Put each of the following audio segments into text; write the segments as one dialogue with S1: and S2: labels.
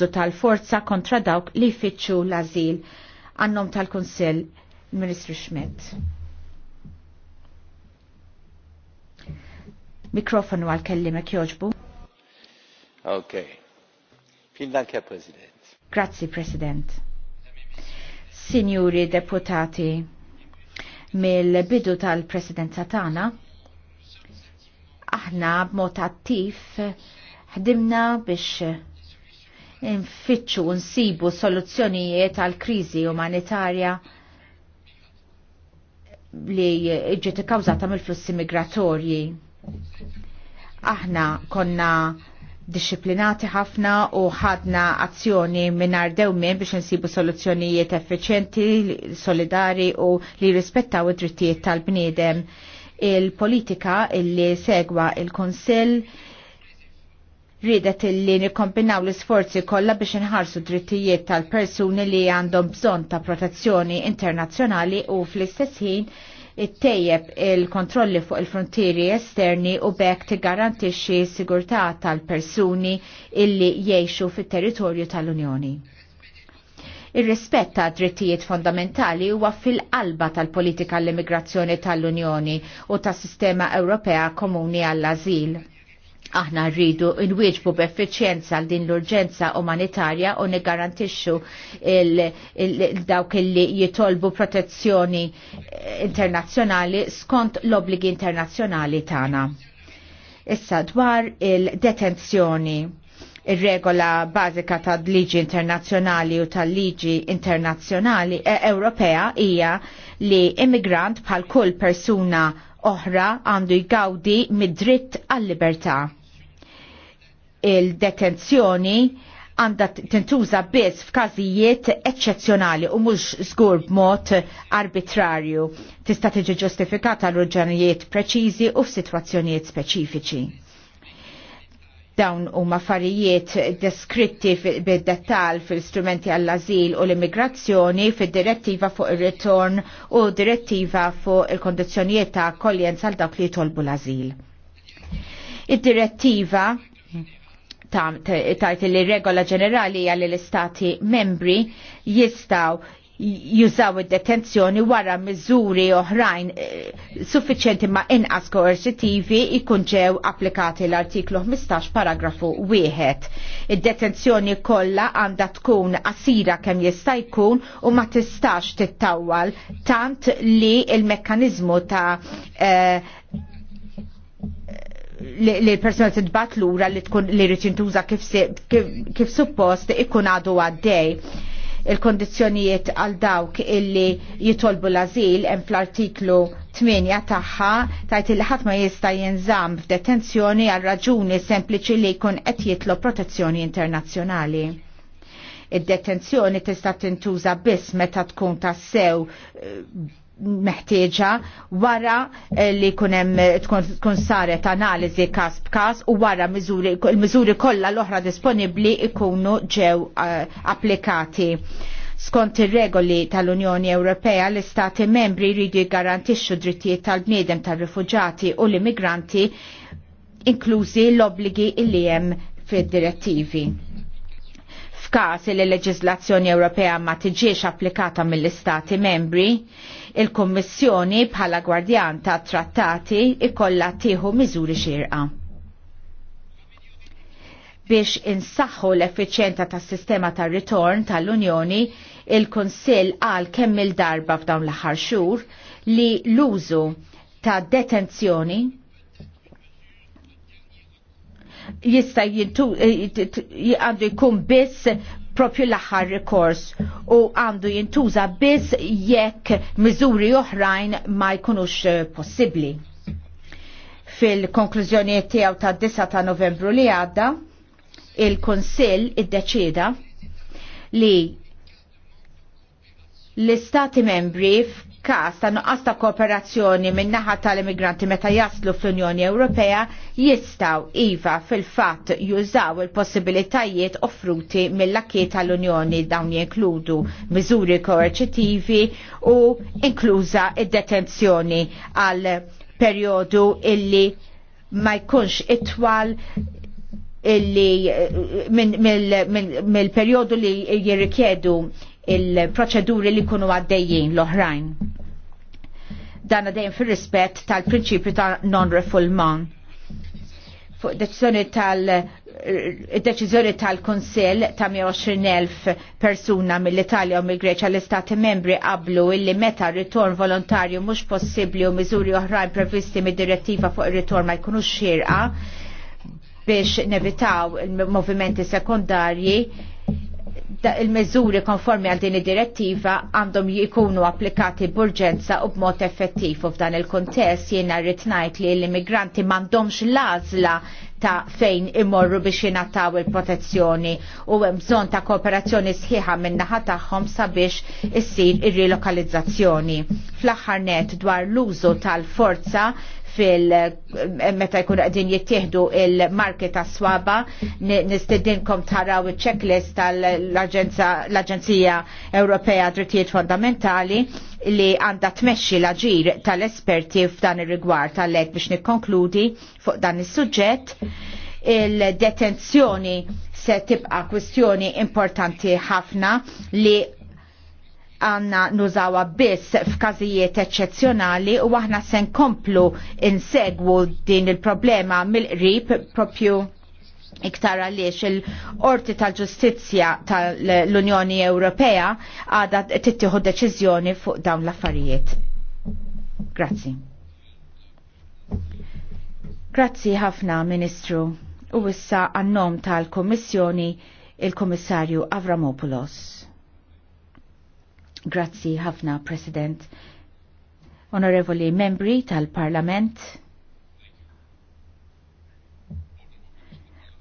S1: l-użu tal-forza kontra dawk li jfittxu l-azil għannom tal-Konsil Ministru Schmidt. Mikrofonu għal-kellimek joġbu.
S2: Ok. Fin dank,
S3: President.
S1: Grazzi, President. Signori deputati, mill-bidu tal-presidenza tagħna, aħna b'mod attiv ħdimna biex nfittxu nsibu soluzzjonijiet għal kriżi umanitarja li ġiet ikkawżata mill-flussi migratorji. Aħna konna disciplinati ħafna u ħadna azzjoni minar dewmien biex nsibu soluzzjonijiet effiċenti, solidari u li rispettaw id-drittijiet tal-bniedem. Il-politika illi segwa il-Konsil il konsil ridet illi nikombinaw l-isforzi kollha biex inħarsu drittijiet tal-persuni li għandhom bżonn ta' protezzjoni internazzjonali u fl-istess ħin ittejjeb il-kontrolli fuq il-frontieri esterni u bekk tigarantixxi sigurtà tal-persuni illi jgħixu fit-territorju tal-Unjoni. Ir-rispett ta' drittijiet fondamentali huwa fil-qalba tal-politika l-immigrazzjoni tal-Unjoni u tas-sistema Ewropea Komuni għall-Ażil Aħna rridu nwieġbu b'effiċjenza għal din l-urġenza umanitarja u nigarantixxu dawk li jitolbu protezzjoni eh, internazzjonali skont l-obligi internazzjonali tagħna. Issa dwar il-detenzjoni ir-regola bażika tad-liġi internazzjonali u tal-liġi internazzjonali eh, Ewropea hija li immigrant bħal kull persuna oħra għandu jgawdi mid-dritt għall-libertà il-detenzjoni għanda tintuża biss f'każijiet eċċezzjonali u mhux żgur b'mod arbitrarju. Tista' tiġi ġustifikata l-raġunijiet preċiżi u f'sitwazzjonijiet speċifiċi. Dawn huma affarijiet deskritti bid-dettal fil-strumenti għall-azil u l-immigrazzjoni fid-direttiva fuq ir-ritorn u direttiva fuq il-kondizzjonijiet ta' akkoljenza għal dawk li jitolbu l-azil. Id-direttiva tajt li regola ġenerali għalli l-istati membri jistaw jużaw id-detenzjoni wara miżuri oħrajn eh, suffiċenti ma' inqas koercitivi ikun ġew applikati l-artiklu 15 paragrafu 1. Id-detenzjoni kollha għandha tkun asira kemm jista' jkun u ma tistax tittawwal tant li il-mekkaniżmu ta' uh, li l-persona tidbat lura li tkun li tuża kif suppost ikun għadu għaddej il-kondizjonijiet għal dawk illi jitolbu l-azil hemm fl-artiklu 8 tagħha tajt li ħadd ma jista' jinżamm f'detenzjoni għal raġuni sempliċi li jkun qed jitlob protezzjoni internazzjonali id-detenzjoni tista' tintuża biss meta tkun tassew eh, meħtieġa wara eh, li kunem eh, tkun saret analizi kas b'kas u wara il-miżuri kollha l-oħra disponibbli ikunu ġew eh, applikati. Skont ir-regoli tal-Unjoni Ewropea l-Istati membri jridu jgarantixxu drittijiet tal-bniedem tal-rifuġati u l-immigranti inklużi l-obbligi li hemm fid-direttivi f'każ li l leġiżlazzjoni Ewropea ma tiġiex applikata mill-Istati membri, Il-Kommissjoni bħala gwardjan ta' trattati ikolla tieħu miżuri xirqa biex insaħħu l-effiċjenza tas sistema tar ritorn tal-Unjoni, il kunsill għal kemm il-darba f'dawn l-aħħar xhur li l-użu ta' detenzjoni jista' eh, għandu jkun biss propju l-aħħar rikors u għandu jintuża biss jekk miżuri oħrajn ma jkunux eh, possibbli. Fil-konklużjonijiet tiegħu tad-9 ta' Novembru li għadda, il-Konsill iddeċieda li l-Istati membri każ ta' nuqqas ta' kooperazzjoni minn naħa tal-immigranti meta jaslu fl-Unjoni Ewropea jistaw iva fil-fatt jużaw il-possibilitajiet offruti mill-akki tal-Unjoni dawn jinkludu miżuri koercitivi u inkluża id-detenzjoni għal perjodu illi ma jkunx itwal illi eh, mill-periodu li jirrikjedu il-proċeduri li kunu għaddejjin l-oħrajn. Dan għaddejjien fil-rispet tal-prinċipju ta' non-refoulement. Fuq deċizjoni tal- deċiżjoni tal-Konsil ta' 120.000 persuna mill-Italja u mill-Greċja l-Istati membri qablu illi meta ritorn volontarju mhux possibbli u miżuri oħrajn previsti mid-direttiva fuq ir-ritorn ma jkunux xirqa biex nevitaw il-movimenti sekundarji il mezzuri konformi għal din id-direttiva għandhom jikunu applikati b'urġenza u b'mod effettiv u f'dan il-kontest jiena rrid ngħid li l-immigranti m'għandhomx l ta' fejn imorru biex jingħataw il-protezzjoni u hemm bżonn ta' kooperazzjoni sħiħa min-naħa tagħhom sabiex issir ir relokalizzazzjoni Fl-aħħar net dwar l-użu tal-forza fil meta jkun qegħdin jittieħdu il market ta' swaba nistedinkom taraw il-checklist tal-Aġenzija Ewropea Drittijiet Fundamentali li għandha tmexxi l-aġir tal-esperti f'dan ir-rigward tal-lek biex nikkonkludi fuq dan is-suġġett il-detenzjoni se tibqa' kwistjoni importanti ħafna li għanna nużawa biss f'każijiet eccezzjonali u aħna sen komplu insegwu din il-problema mill-qrib propju iktar għaliex il-Orti tal-Ġustizzja tal-Unjoni Ewropea għada tittieħu deċiżjoni fuq dawn l-affarijiet. Grazzi. Grazzi ħafna, Ministru. U issa għannom tal-Kommissjoni il-Kommissarju Avramopoulos. Grazzi ħafna, President. Onorevoli membri tal-Parlament,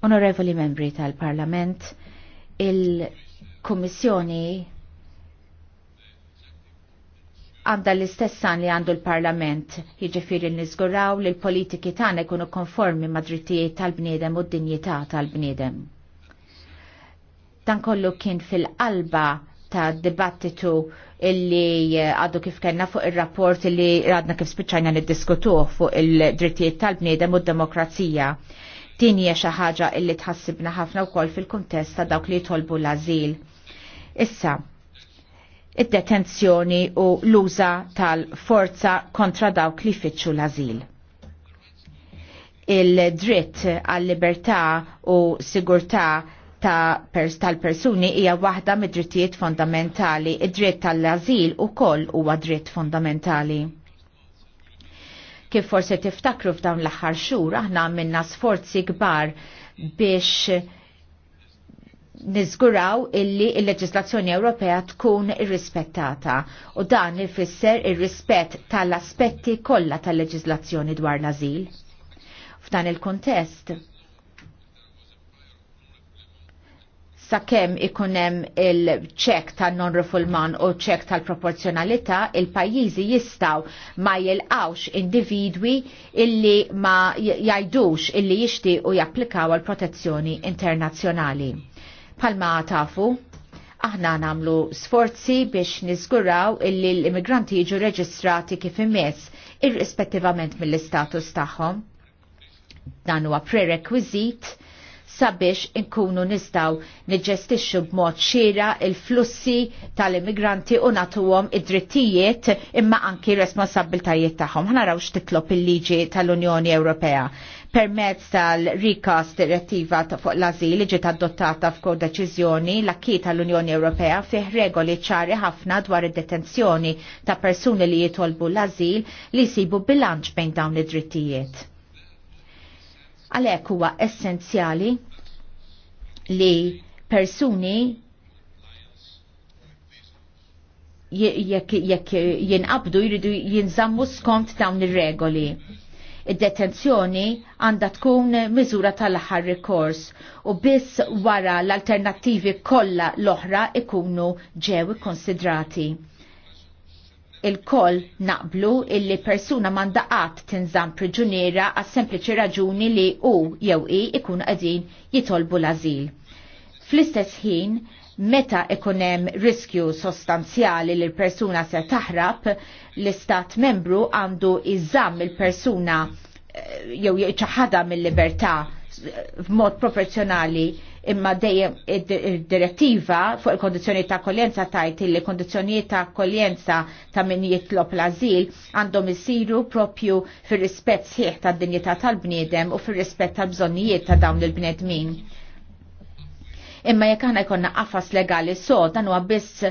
S1: Onorevoli membri tal-Parlament, il-Kommissjoni għanda l-istessan li għandu l-Parlament, n jiġifieri nizguraw li l-politiki tagħna jkunu konformi ma' drittijiet tal-bniedem u d-dinjità tal-bniedem. Dan kollu kien fil-qalba ta' dibattitu illi eh, għaddu kif kena fuq il-rapport illi radna kif spiċċajna niddiskutuh fuq il-drittijiet tal-bniedem u d-demokrazija. Din hija xi ħaġa illi tħassibna ħafna wkoll fil-kuntest ta' dawk li jitolbu l-ażil. Issa, id-detenzjoni u l-uża tal-forza kontra dawk li fitxu l-ażil il-dritt għal libertà u sigurtà tal-persuni hija waħda mid-drittijiet fondamentali, id-dritt tal-azil u koll huwa dritt fondamentali. Kif forse tiftakru f'dawn l-aħħar xhur aħna minna sforzi kbar biex nizguraw illi il-leġislazzjoni Ewropea tkun irrispettata u dan ifisser ir-rispett tal-aspetti kollha tal-leġislazzjoni dwar l-azil. F'dan il-kontest, sakemm ikunem il-ċek ta' non-refulman u ċek tal-proporzjonalità, il-pajjiżi jistaw ma jil-għawx individwi illi ma jajdux illi jixti u japplikaw għal protezzjoni internazzjonali. Palma tafu, aħna namlu sforzi biex nizguraw illi l-immigranti jiġu reġistrati kif imess irrispettivament mill-istatus tagħhom. Dan huwa prerequisit sabiex inkunu nistaw niġestixxu b'mod xira il-flussi tal-immigranti u natuhom id-drittijiet imma anki responsabiltajiet tagħhom. Ħa x'titlob il-liġi tal-Unjoni Ewropea permezz tal-recast direttiva fuq l-azil ġiet adottata deċiżjoni l-akki tal-Unjoni Ewropea fih regoli ċari ħafna dwar id-detenzjoni ta' persuni li jitolbu l-azil li jsibu bilanċ bejn dawn id-drittijiet. Għalhekk huwa essenzjali li persuni jekk jinqabdu jridu jinżammu skont dawn ir-regoli. Id-detenzjoni għandha tkun miżura tal-aħħar rikors u biss wara l-alternattivi kollha l-oħra ikunu ġew ikkonsidrati il-koll naqblu illi persuna mandaqat tinżam priġuniera għas sempliċi raġuni li u jew i ikun qegħdin jitolbu l-azil. Fl-istess ħin, meta ikunem riskju sostanzjali li l-persuna se taħrab, l-istat membru għandu iżam il-persuna eh, jew jieċaħada mill-libertà mod professjonali imma dejjem id-direttiva fuq il-kondizjoni ta' akkoljenza tajt li kondizjoni ta' akkoljenza ta' min jitlob l-azil għandhom isiru propju fir rispett sħiħ ta' dinjità tal-bniedem u fir rispett ta' bżonnijiet ta' dawn il-bnedmin. Imma jekk aħna jkollna qafas legali so dan huwa biss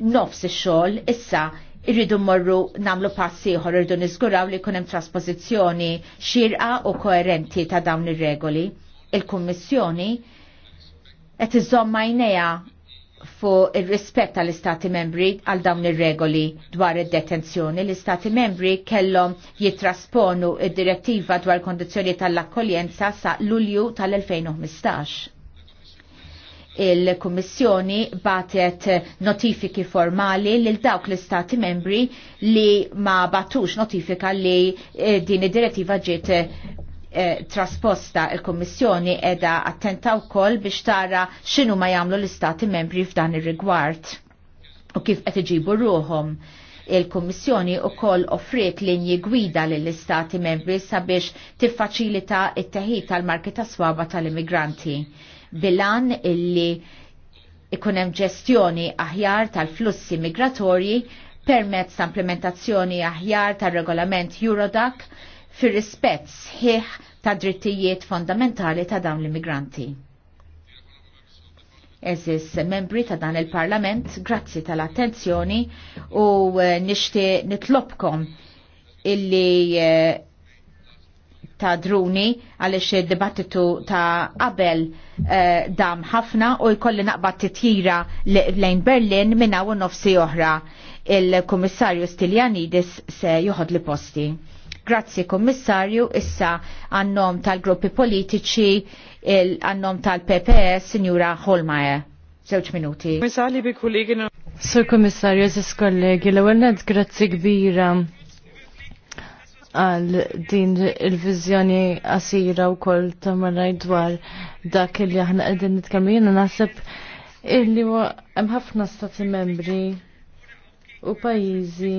S1: nofs ix-xogħol issa irridu morru namlu ħor irridu nizguraw li kunem trasposizjoni xirqa u koerenti ta' dawn ir-regoli. Il-Kummissjoni qed iżomma jnejha fuq ir-rispett tal-Istati membri għal dawn ir-regoli dwar id-detenzjoni. L-Istati membri kellhom jitrasponu id-direttiva dwar kondizzjoni tal-akkoljenza sa' Lulju tal-2015 il-Kummissjoni batet notifiki formali lil dawk l-Istati membri li ma batux notifika li eh, din id-direttiva ġiet eh, trasposta il-Kommissjoni edha attenta wkoll biex tara xinu ma jagħmlu l-Istati membri f'dan ir-rigward u kif qed iġibu ruhom il-Kommissjoni u koll offriet linji gwida lill-Istati membri sabiex tiffaċilita it-teħid tal-marki ta' swaba tal-immigranti bilan illi ikunem ġestjoni aħjar tal-flussi migratorji permezz ta' implementazzjoni aħjar tal-regolament Eurodac fir rispett sħiħ ta' drittijiet fondamentali ta' dawn l-immigranti. Eżis membri ta' dan il-Parlament, grazzi tal-attenzjoni u eh, nixti nitlobkom illi eh, ta' druni għalix id-dibattitu ta' qabel eh, dam ħafna u jkolli naqbad titjira lejn Berlin minna u nofsi oħra il-Komissarju Stiljanidis se joħod li posti. Grazzi Kommissarju, issa għannom tal-gruppi politiċi, għannom tal-PPS, e, Signora Holmaje. Zewċ minuti.
S2: Komissarju bi
S1: Sur Kommissarju, zis kollegi, l-għennet grazzi kbira
S3: għal din il-vizjoni għasira u koll ta' marraj dwar dak li aħna qegħdin nitkellmu jiena naħseb illi hemm ħafna stati membri u pajjiżi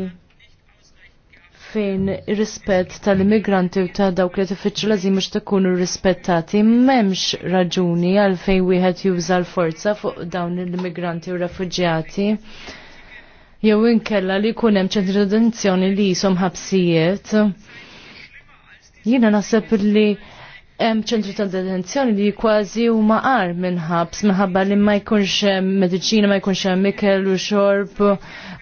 S3: fejn rispett tal-immigranti u ta' dawk li tifittxu lażim mhux tkunu rispettati m'hemmx raġuni għal fejn wieħed juża l-forza fuq dawn l-immigranti u refuġjati jew inkella li jkun hemm ċentri detenzjoni li jisom ħabsijiet. Jiena naħseb li hemm ċentri ta' detenzjoni li kważi huma qar minn ħabs minħabba li ma jkunx hemm mediċina, ma jkunx hemm ikel u xorb,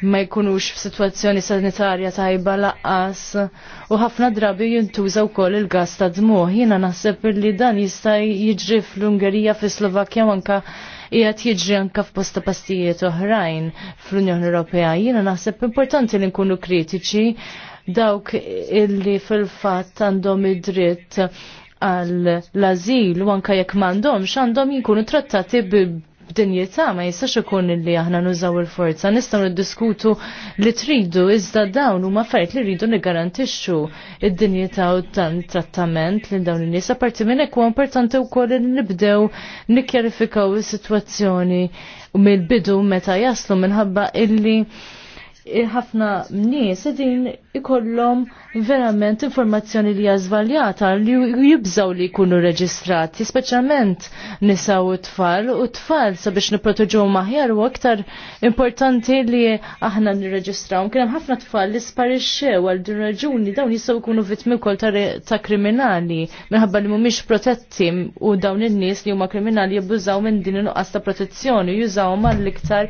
S3: ma jkunux f'sitwazzjoni sanitarja tajba laqqas u ħafna drabi jintuża wkoll il-gas ta' dmuħ. Jiena naħseb li dan jista' jiġri fl-Ungerija, fis-Slovakkja u anke qiegħed jiġri anke f'posta pastijiet oħrajn fl-Unjoni Ewropea. Jiena naħseb importanti li nkunu kritiċi dawk illi fil-fatt għandhom id-dritt għal l-azil u anka jekk m'għandhomx għandhom jinkunu trattati b'dinjetà ma jistax ikun li aħna nużaw il-forza. Nistgħu niddiskutu li tridu iżda dawn huma affarijiet li rridu nigarantixxu id-dinjetà u tan trattament lil dawn in-nies. Apparti minn hekk huwa importanti wkoll li nibdew nikkjarifikaw is-sitwazzjoni mill-bidu meta jaslu minħabba illi ħafna nies din ikollhom verament informazzjoni li żvaljata li jibżaw li jkunu reġistrati, speċjalment nisa u tfal u tfal sabiex niprotoġu maħjar u aktar importanti li aħna nirreġistraw. Kien hemm ħafna tfal li sparixxew għal din raġuni dawn jistgħu jkunu vittmi wkoll ta' kriminali minħabba li mhumiex protetti u dawn in-nies li huma kriminali jibbużaw minn din in ta' protezzjoni, jużaw mal-iktar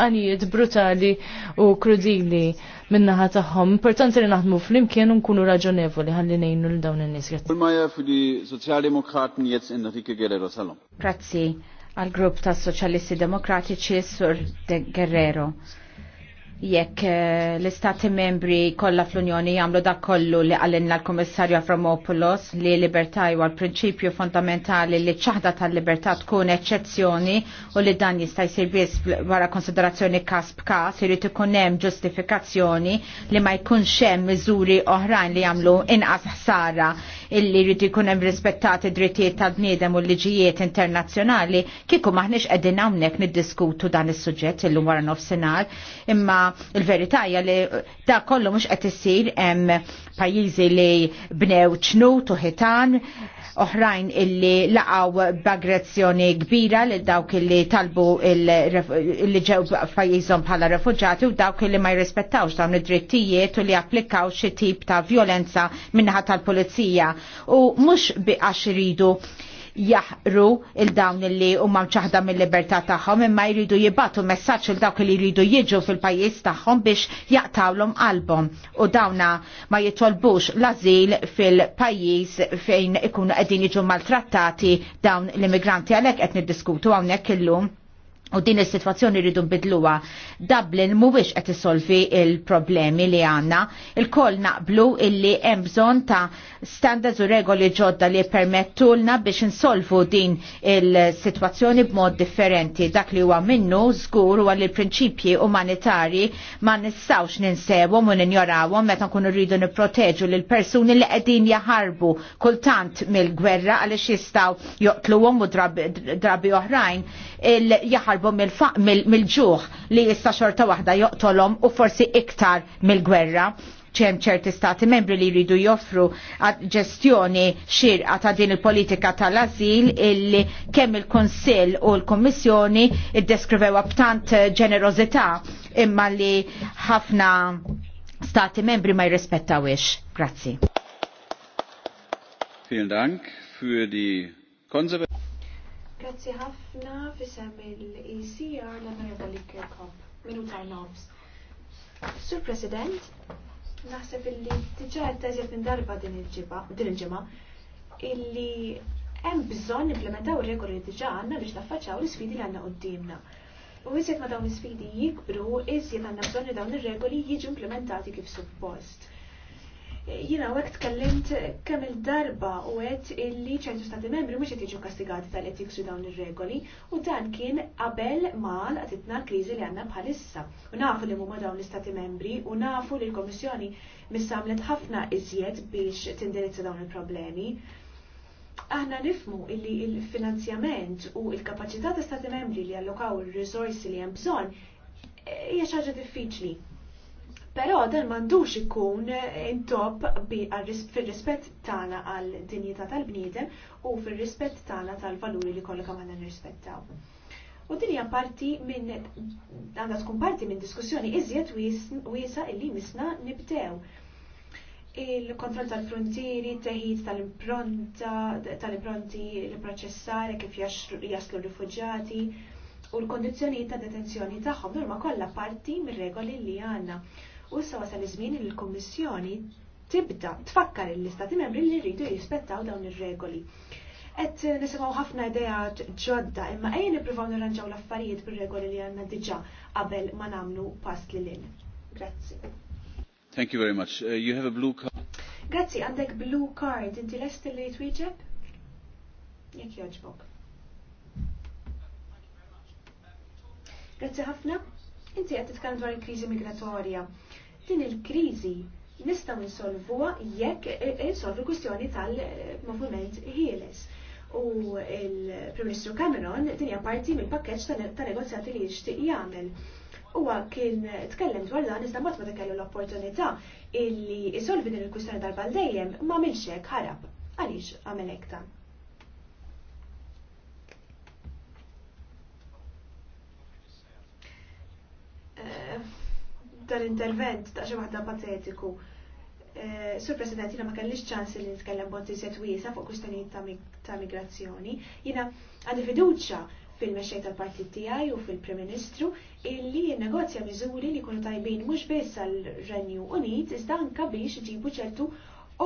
S3: għanijiet brutali u krudili minna tagħhom. Importanti li naħdmu fl-imkien unkunu raġonevoli għalli nejnu l dawn n nies
S2: Ulmaja fil-Soċjaldemokraten jetzt Enrique Guerrero Salom.
S1: Grazzi għal grupp ta' Socialisti Demokratiċi Sur de Guerrero jekk eh, l-istati membri kollha fl-Unjoni jagħmlu dak kollu li għallinna l-Kummissarju Avramopoulos li libertà huwa l-prinċipju fondamentali li ċaħda tal-libertà tkun eċċezzjoni u li dan jista' jsir biss wara konsiderazzjoni każ b'każ irid ikun hemm ġustifikazzjoni li ma jkunx hemm miżuri oħrajn li jagħmlu inqas ħsara illi rridu jkun hemm rispettati drittijiet tal-bniedem u l-liġijiet internazzjonali kieku maħniex qegħdin hawnhekk niddiskutu dan is-suġġett illum wara nofsinhar, imma l-verità hija li da kollu mhux qed isir hemm pajjiżi li bnew ċnut u ħitan oħrajn illi laqaw b'aggressjoni kbira li dawk illi talbu illi ġew fajizom bħala refugġati u dawk illi ma jirrispettawx dawn id-drittijiet u li applikaw xi tip ta' violenza minnaħa tal-pulizija u mhux bi għax iridu jaħru il-dawn li umma ċaħda mill-libertà tagħhom imma jridu jibbatu messaġġ il dawk li jridu jiġu fil-pajjiż tagħhom biex jaqtawlom qalbhom u dawna ma jitolbux l fil-pajjiż fejn ikunu qegħdin jiġu maltrattati dawn l-immigranti għalhekk qed niddiskutu hawnhekk illum U din is-sitwazzjoni rridu nbidluha. Dublin mhuwiex qed isolvi il-problemi li għandna. Il-koll naqblu illi hemm bżonn ta' standards u regoli ġodda li permettulna biex insolvu din il-sitwazzjoni b'mod differenti. Dak li huwa minnu żgur huwa li l-prinċipji umanitarji ma nistgħux ninsewhom u ninjorawhom meta nkunu rridu nipproteġu lil persuni li qegħdin jaħarbu kultant mill-gwerra għaliex jistgħu joqtluhom u drabi oħrajn il-jaħarbu jindarbu mill-ġuħ li jista xorta waħda joqtolhom u forsi iktar mill-gwerra ċem ċerti stati membri li jridu joffru ġestjoni xirqa ta' din il-politika tal-azil illi kemm il-Konsil u l-Kommissjoni iddeskrivewa b'tant ġenerozità imma li ħafna stati membri ma jirrispettawix. Grazzi.
S2: Vielen Dank für die konservative
S4: Grazzi ħafna fisem il-ECR l-Onorevoli Kirkhoff. Minuta nofs. Sur President, naħseb illi diġa għettażiet minn darba din il-ġimgħa illi hemm bżonn implementaw regoli li diġa għandna biex naffaċċaw l-isfidi li għandna qudiemna. U iżjed ma dawn l-isfidi jikbru, iżjed għandna bżonn li dawn ir-regoli jiġu implementati kif suppost. Jina għek tkellimt kemm il-darba u għed illi ċentru stati membri mux jtiġu kastigati tal-qed jiksu dawn ir-regoli u dan kien qabel mal għatitna l-kriżi li għanna bħalissa. U nafu li mumma dawn l-istati membri u nafu li l-Komissjoni missamlet ħafna iżjed biex tindirizza dawn il-problemi aħna nifmu illi il-finanzjament u il-kapacità ta' stati membri li allokaw il-risorsi li hemm bżonn eh, hija xi ħaġa diffiċli. Però dan mandux ikun intop fil-rispett tagħna għal dinjità tal-bniedem u fil-rispett tagħna tal-valuri li kollha għandna nirrispettaw. U din hija parti minn għandha tkun parti minn diskussjoni iżjed wiesa illi misna nibdew. Il-kontroll tal-frontieri, teħid tal-impronta, tal-impronti, il-proċessare kif jaslu rifuġati, u l kondizjoni ta' detenzjoni tagħhom huma kollha parti mir-regoli li għandna. U issa wasal iż-żmien li l-Kummissjoni tibda tfakkar l-istati membri li rridu jispettaw dawn ir-regoli. Qed nisimgħu ħafna idea ġodda, imma ejja nippruvaw nirranġaw l-affarijiet bir-regoli li għandna diġà qabel ma nagħmlu pass lil Grazzi.
S2: Thank you very much. Uh, you have a blue card.
S4: Grazzi, għandek blue card. Inti lest li twieġeb? Jekk joġbok. Grazzi ħafna. Inti qed titkellem dwar il-kriżi migratorja Din il-kriżi nistaw nsolvuha jekk insolvu kwistjoni tal movement ħieles. U il-Prim Ministru Cameron din hija parti mill-pakkeġġ ta' negozjati li jixtieq jagħmel. Huwa kien tkellem dwar dan iżda mod ma kellu l-opportunità illi isolvi din il-kwistjoni darba baldejjem dejjem ma' milxek ħarab. Għaliex għamel hekk dan? tal-intervent ta' xi waħda patetiku. Eh, Sur President, jina ma kellix ċans li nitkellem bonti set wiesa fuq kustanijiet ta' migrazzjoni. Jina għandi fiduċa fil-mexxej tal-partit tiegħi u fil-Prim Ministru illi jinnegozja miżuri li jkunu tajbin mhux biss għall-Renju Unit iżda anke biex iġibu ċertu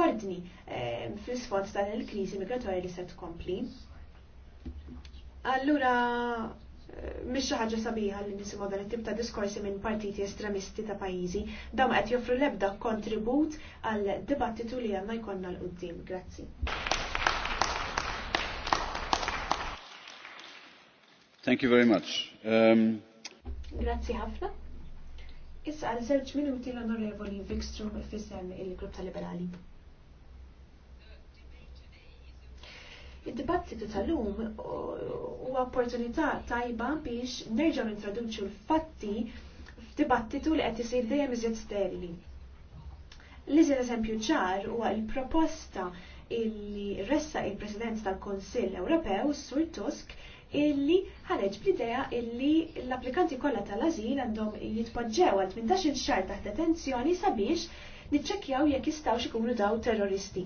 S4: ordni eh, fl-isfond tal-kriżi migratorja li se tkompli. Allura mhix xi ħaġa sabiħa li nisimgħu dan it-tip ta' diskorsi minn partiti estremisti ta' pajjiżi, dawn qed joffru l-ebda kontribut għal dibattitu li għandna jkollna l qudiem Grazzi.
S2: Thank you very much. Um...
S4: Grazzi ħafna. Issa għal żewġ minuti l-Onorevoli Vikstrom fissem il-Grupp tal-Liberali. Id-dibattitu tal-lum huwa opportunità tajba biex nerġgħu nintroduċu l-fatti f'dibattitu li qed isir dejjem iżjed sterili. L-iżjed eżempju ċar huwa l-proposta illi ressa il-President tal-Konsill Ewropew Sur Tusk illi ħareġ bl-idea illi l-applikanti kollha tal-azil għandhom jitpoġġew għal 18 xahar taħt detenzjoni sabiex niċċekkjaw jekk jistgħu ikunu daw terroristi.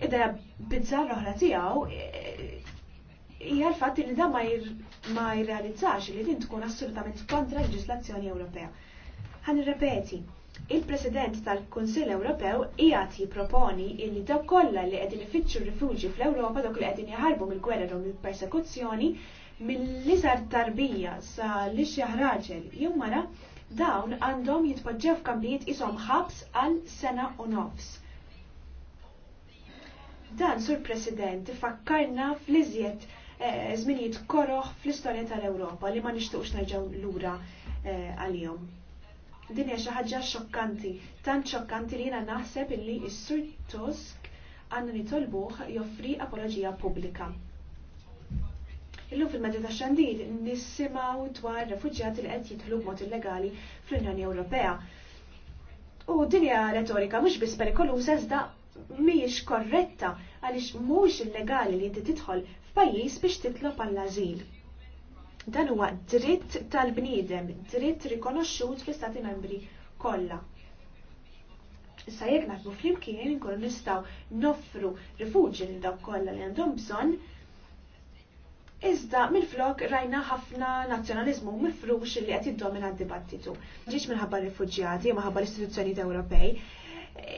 S4: Id-dara bizzar oħra tiegħu hija l fat li da ma jirrealizzax li din tkun assolutament kontra l-ġislazzjoni Ewropea. Għan irrepeti, il-President tal-Kunsill Ewropew jgħat jipproponi li dak kollha li qegħdin ifittxu rifuġi fl-Ewropa dok li qegħdin jaħarbu mill-gwerra u mill-persekuzzjoni mill-iżgħar tarbija sa li xi ħraġel jew mara dawn għandhom jitpoġġew f'kampijiet ishom ħabs għal sena u nofs. Dan, Sur President, fakkarna fl-iżjed żminijiet eh, koroħ fl-istorja tal-Ewropa li ma nixtuqx nerġgħu lura eh, għalihom. Din hija xi ħaġa xokkanti, tant xokkanti li jiena naħseb illi s-Sur Tusk għandna nitolbuh joffri apoloġija pubblika. Illum fil-medja ta' xandir nisimgħu dwar refuġjati li qed jidħlu b'mod illegali fl-Unjoni Ewropea. U din hija retorika mhux biss perikolusa iżda mhijiex korretta għaliex mhux illegali li inti tidħol f'pajjiż biex titlob għall-ażil. Dan huwa dritt tal-bniedem, dritt rikonoxxut fl-Istati Membri kollha. Issa jekk naħdmu flimkien inkunu nistgħu noffru rifuġi lil dawk kollha li għandhom bżonn, Iżda mill-flok rajna ħafna nazzjonalizmu mifrux li qed jiddomina d-dibattitu. Ġiex minħabba rifuġjati, maħabba l-istituzzjoni Ewropej,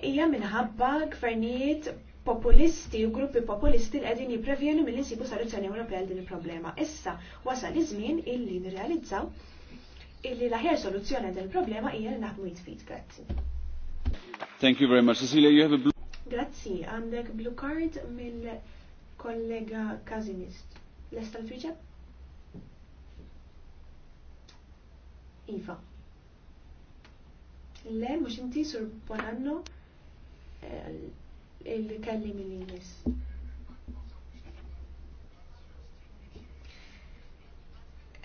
S4: hija minħabba gvernijiet populisti u gruppi populisti li qegħdin jipprevjenu milli nsibu soluzzjoni Ewropea din il-problema. Issa wasal iż-żmien illi nirrealizzaw illi l-aħjar soluzzjoni għal il-problema hija li naħdmu jitfid. Grazzi.
S2: Thank you very much. Cecilia, you have a blue
S4: Grazzi, għandek blue card mill-kollega Kazinist. Lesta l-twiġeb? Iva. Le, mux inti sur Bonanno eh, il-kelli minn jis.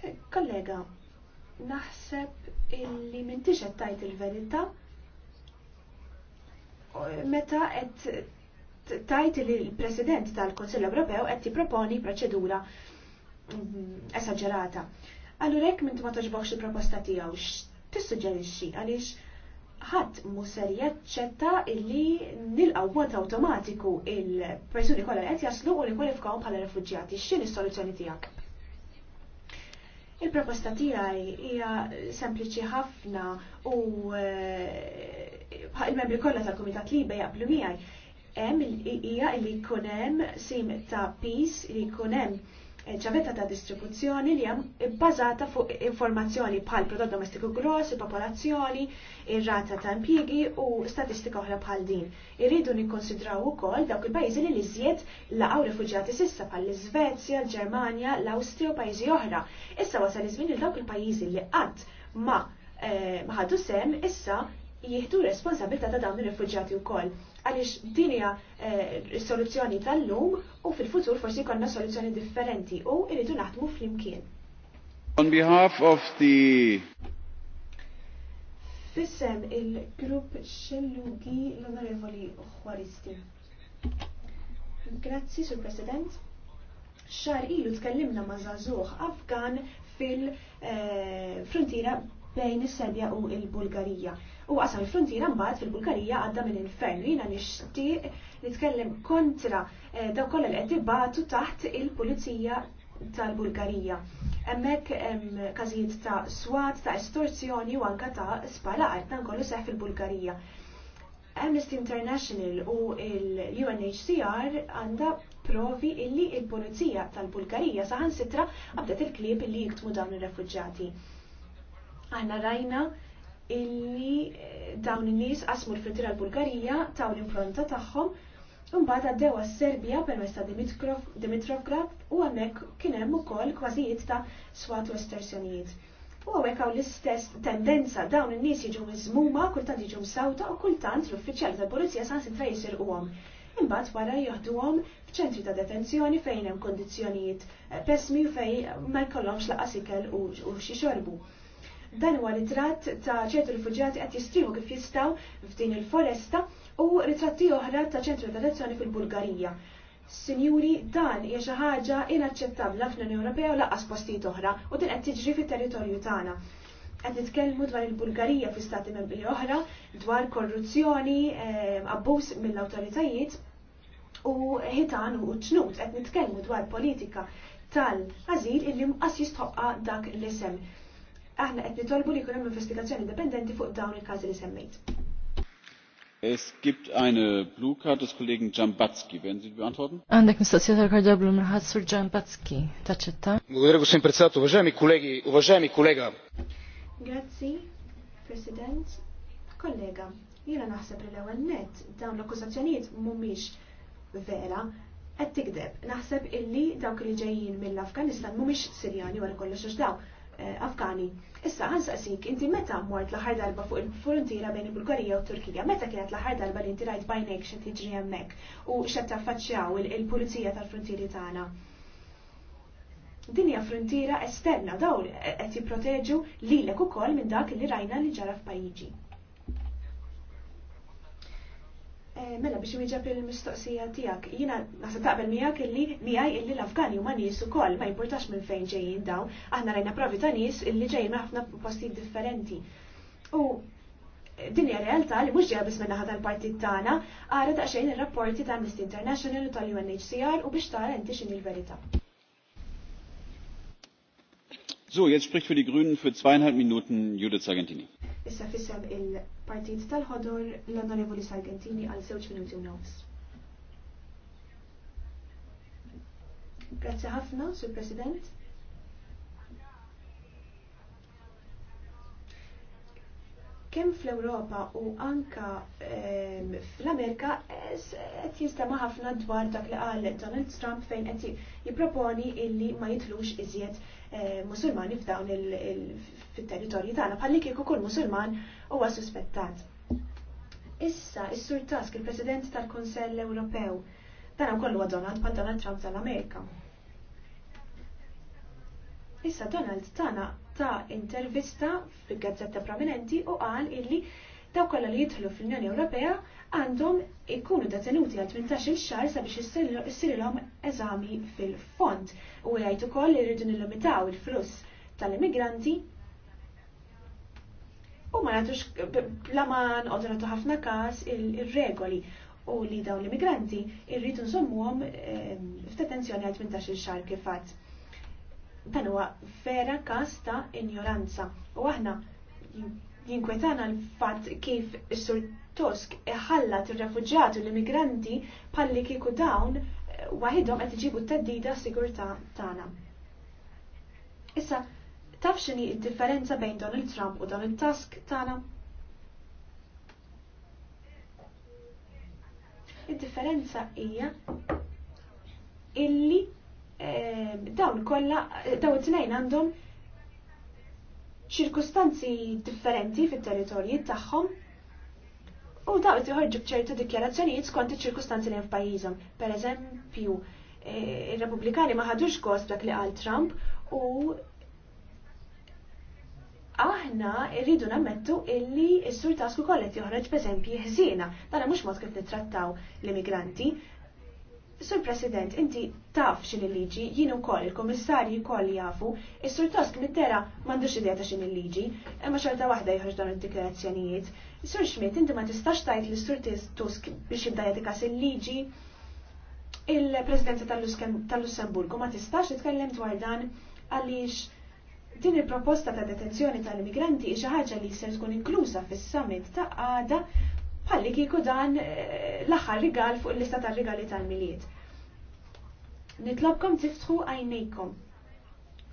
S4: Eh, kollega, naħseb illi mintix qed il-verità eh, meta qed tajt li l-President tal-Kunsill Ewropew qed jipproponi proċedura mm, esaġerata. Allura hekk minn ma toġbokx il-proposta tiegħu, x'tissuġġerixxi għaliex ħadd mhux ser jaċċetta illi nilqgħu bont awtomatiku il-persuni kollha qed jaslu u li kwalifikaw bħala refuġjati. X'inhi s-soluzzjoni tiegħek? Il-proposta tiegħi hija sempliċi ħafna u eh, il-membri kollha tal-Kumitat Libe jaqblu miegħi hemm hija li jkun hemm sim ta' peace li jkun hemm ċavetta eh, ta' distribuzzjoni li hemm bbażata fuq informazzjoni bħal prodott domestiku gross, il-popolazzjoni, ir-rata ta' impjiegi u statistika oħra bħal din. Irridu nikkonsidraw ukoll dawk il-pajjiżi li żjed laqgħu rifuġjati s'issa bħal l-Iżvezja, l-Ġermanja, l-Awstrija u pajjiżi oħra. Issa wasal iż-żmien li dawk il-pajjiżi li qatt ma eh, ħadu sem issa jieħdu responsabilità ta' dawn ir-rifuġjati wkoll għaliex dinja eh, soluzzjoni tal-lum u fil-futur forsi konna soluzzjoni differenti u irridu naħdmu fl-imkien.
S2: On behalf of the
S4: Fissem il-grupp xellugi l-onorevoli uħwaristi. Grazzi, Sur President. Xar ilu tkellimna ma' Zazuħ Afgan fil-frontiera eh, bejn is-Serbja u il-Bulgarija u qasam il frontira mbagħad fil-Bulgarija għadda minn infern li jiena nixtieq nitkellem kontra eh, daw kollha li qed ibatu taħt il-Pulizija tal-Bulgarija. Hemmhekk hemm każijiet ta' swat, ta' estorsjoni u anke ta' spalaqar dan kollu seħ fil-Bulgarija. Amnesty International u l-UNHCR għandha provi illi il-Polizija tal-Bulgarija saħan sitra għabdet il-klib illi jiktmu dawn ir refugġati Aħna rajna illi eh, dawn in-nies qasmu l-frontiera l-Bulgarija taw l-impronta tagħhom Imbagħad għaddew għas-Serbja permezz ta' Dimitrovgrad u hemmhekk kien hemm ukoll kważijiet ta' swat u estersjonijiet. U għawek għaw l-istess tendenza dawn in-nies jiġu miżmuma, kultant jiġu msawta u kultant l-uffiċjal tal-Pulizija san sitra jisir Imbagħad wara jieħduhom f'ċentri ta' detenzjoni fejn hemm kondizzjonijiet eh, pesmi u fejn ma jkollhomx laqas ikel u xi xorbu. Dan huwa ritratt ta' ċertu rifuġjati qed jistriħu kif jistgħu f'din il-foresta u ritratti oħra ta' ċentru tal-elezzjoni fil-Bulgarija. Sinjuri, dan hija xi ħaġa inaċċettabbla fl-Unjoni Ewropea u laqqas postijiet oħra u din qed tiġri fit-territorju tagħna. Qed nitkellmu dwar il-Bulgarija fi stati membri oħra dwar korruzzjoni, eh, abbuż mill-awtoritajiet u ħitan u ċnut qed nitkellmu dwar politika tal ażil illi mqas jistħoqqa dak l-isem aħna qed nitolbu li jkun hemm investigazzjoni indipendenti fuq dawn il-każi li semmejt.
S2: Es gibt eine Blue Card des Kollegen Jambatski. Werden Sie beantworten?
S3: Andek mistazio tal-karda blu minn sur Jambatski. Taċċetta.
S5: Благодаря, господин председател. Уважаеми колеги, уважаеми колега.
S4: Grazzi, President, kollega. Jiena naħseb li l-ewwel net dawn l-akkużazzjonijiet mhumiex vera, qed tikdeb. Naħseb illi dawk li ġejjin mill-Afganistan mhumiex Sirjani wara kollox għax Eh, Afgani. Issa saqsik, inti meta mort l-aħħar darba fuq il-frontiera bejn il-Bulgarija u Turkija, meta kienet l-aħħar darba li inti rajt bajnek xa tiġri hemmhekk u xa taffaċċjaw il-pulizija tal-frontieri tagħna. Din hija frontiera esterna dawn qed jipproteġu lilek ukoll minn dak li rajna li ġara f'pajjiġi. Eh, mela biex wieġeb il-mistoqsija tiegħek, jiena naħseb taqbel miegħek illi miegħi illi l-Afgani huma nies ukoll ma jimpurtax minn fejn ġejjin dawn, aħna rajna provi ta' nies illi ġejjin minn ħafna postijiet differenti. U din hija realtà li mhux ġejja biss minn naħa tal-partit tagħna, qara daqsxejn ir-rapporti ta' Amnesty International u tal-UNHCR u biex tara inti x'inhi l-verità.
S2: So, jetzt spricht für die Grünen für zweieinhalb Minuten Judith Sargentini.
S4: Issa fissam il-partit tal-ħodor l-Onorevoli Sargentini għal żewġ minuti u nofs. Grazie ħafna, Sur President. Kemm fl-Ewropa u anka ehm, fl-Amerika qed jistema' ħafna dwar dak li qal Donald Trump fejn qed jipproponi illi ma jitlux iżjed Eh, musulmani f'dawn il-territorji tagħna bħalli kieku kull musulman huwa suspettat. Issa, is-Sur Tusk, il-President tal-Konsell Ewropew, dan kollu Donald bħal Donald Trump tal-Amerika. Issa Donald tana ta' intervista fil-gazzetta prominenti u qal illi daw kollha li jidħlu fl-Unjoni Ewropea għandhom ikunu detenuti għal 18 xar sabiex issirilhom eżami fil-font u jgħid ukoll li rridu nillimitaw il-fluss tal-immigranti u ma nagħtux laman qodrotu ħafna każ il-regoli u li dawn l-immigranti irridu nżommuhom ehm, f'detenzjoni għal 18 xar kif fatt. Dan huwa vera każ ta' injoranza u aħna jinkwetana l-fatt kif is-sur Tosk, iħallat il refuġjati u l-immigranti palli kieku dawn eh, waħidhom qed iġibu t-teddida sigurtà tagħna. Issa, taf x'inhi d-differenza bejn Donald Trump u Donald Tusk tagħna? Id-differenza hija illi eh, dawn kollha eh, daw it-tnejn għandhom ċirkustanzi differenti fit-territorji tagħhom U daw joħorġu bċertu dikjarazzjonijiet skont iċ-ċirkustanzi li f'pajjiżhom. Pereżempju, e, ir-Repubblikani ma ħadux gost dak li qal Trump u aħna rridu nammettu illi s-sur tasku kollet joħroġ b'eżempji ħżiena. Dan mhux mod kif nittrattaw l-immigranti. Sur President, inti taf xin il-liġi, jien ukoll il-Kummissarji koll jafu, is-Sur Tosk mittera dera m'għandux idea ta' xin il-liġi, imma xorta waħda jħarġ dan id dikarazzjonijiet Sur Schmidt, inti ma tistax tajt li sur Tusk biex jibda jatikas il-liġi il-Presidenza tal-Lussemburgu ma tistax titkellem dwar dan għaliex din il-proposta ta' detenzjoni tal-immigranti xi ħaġa li se tkun inklusa fis-summit ta' għada bħalli kieku dan eh, l-aħħar rigal fuq l-lista tar-rigali tal-miliet. Nitlobkom tiftħu għajnejkom.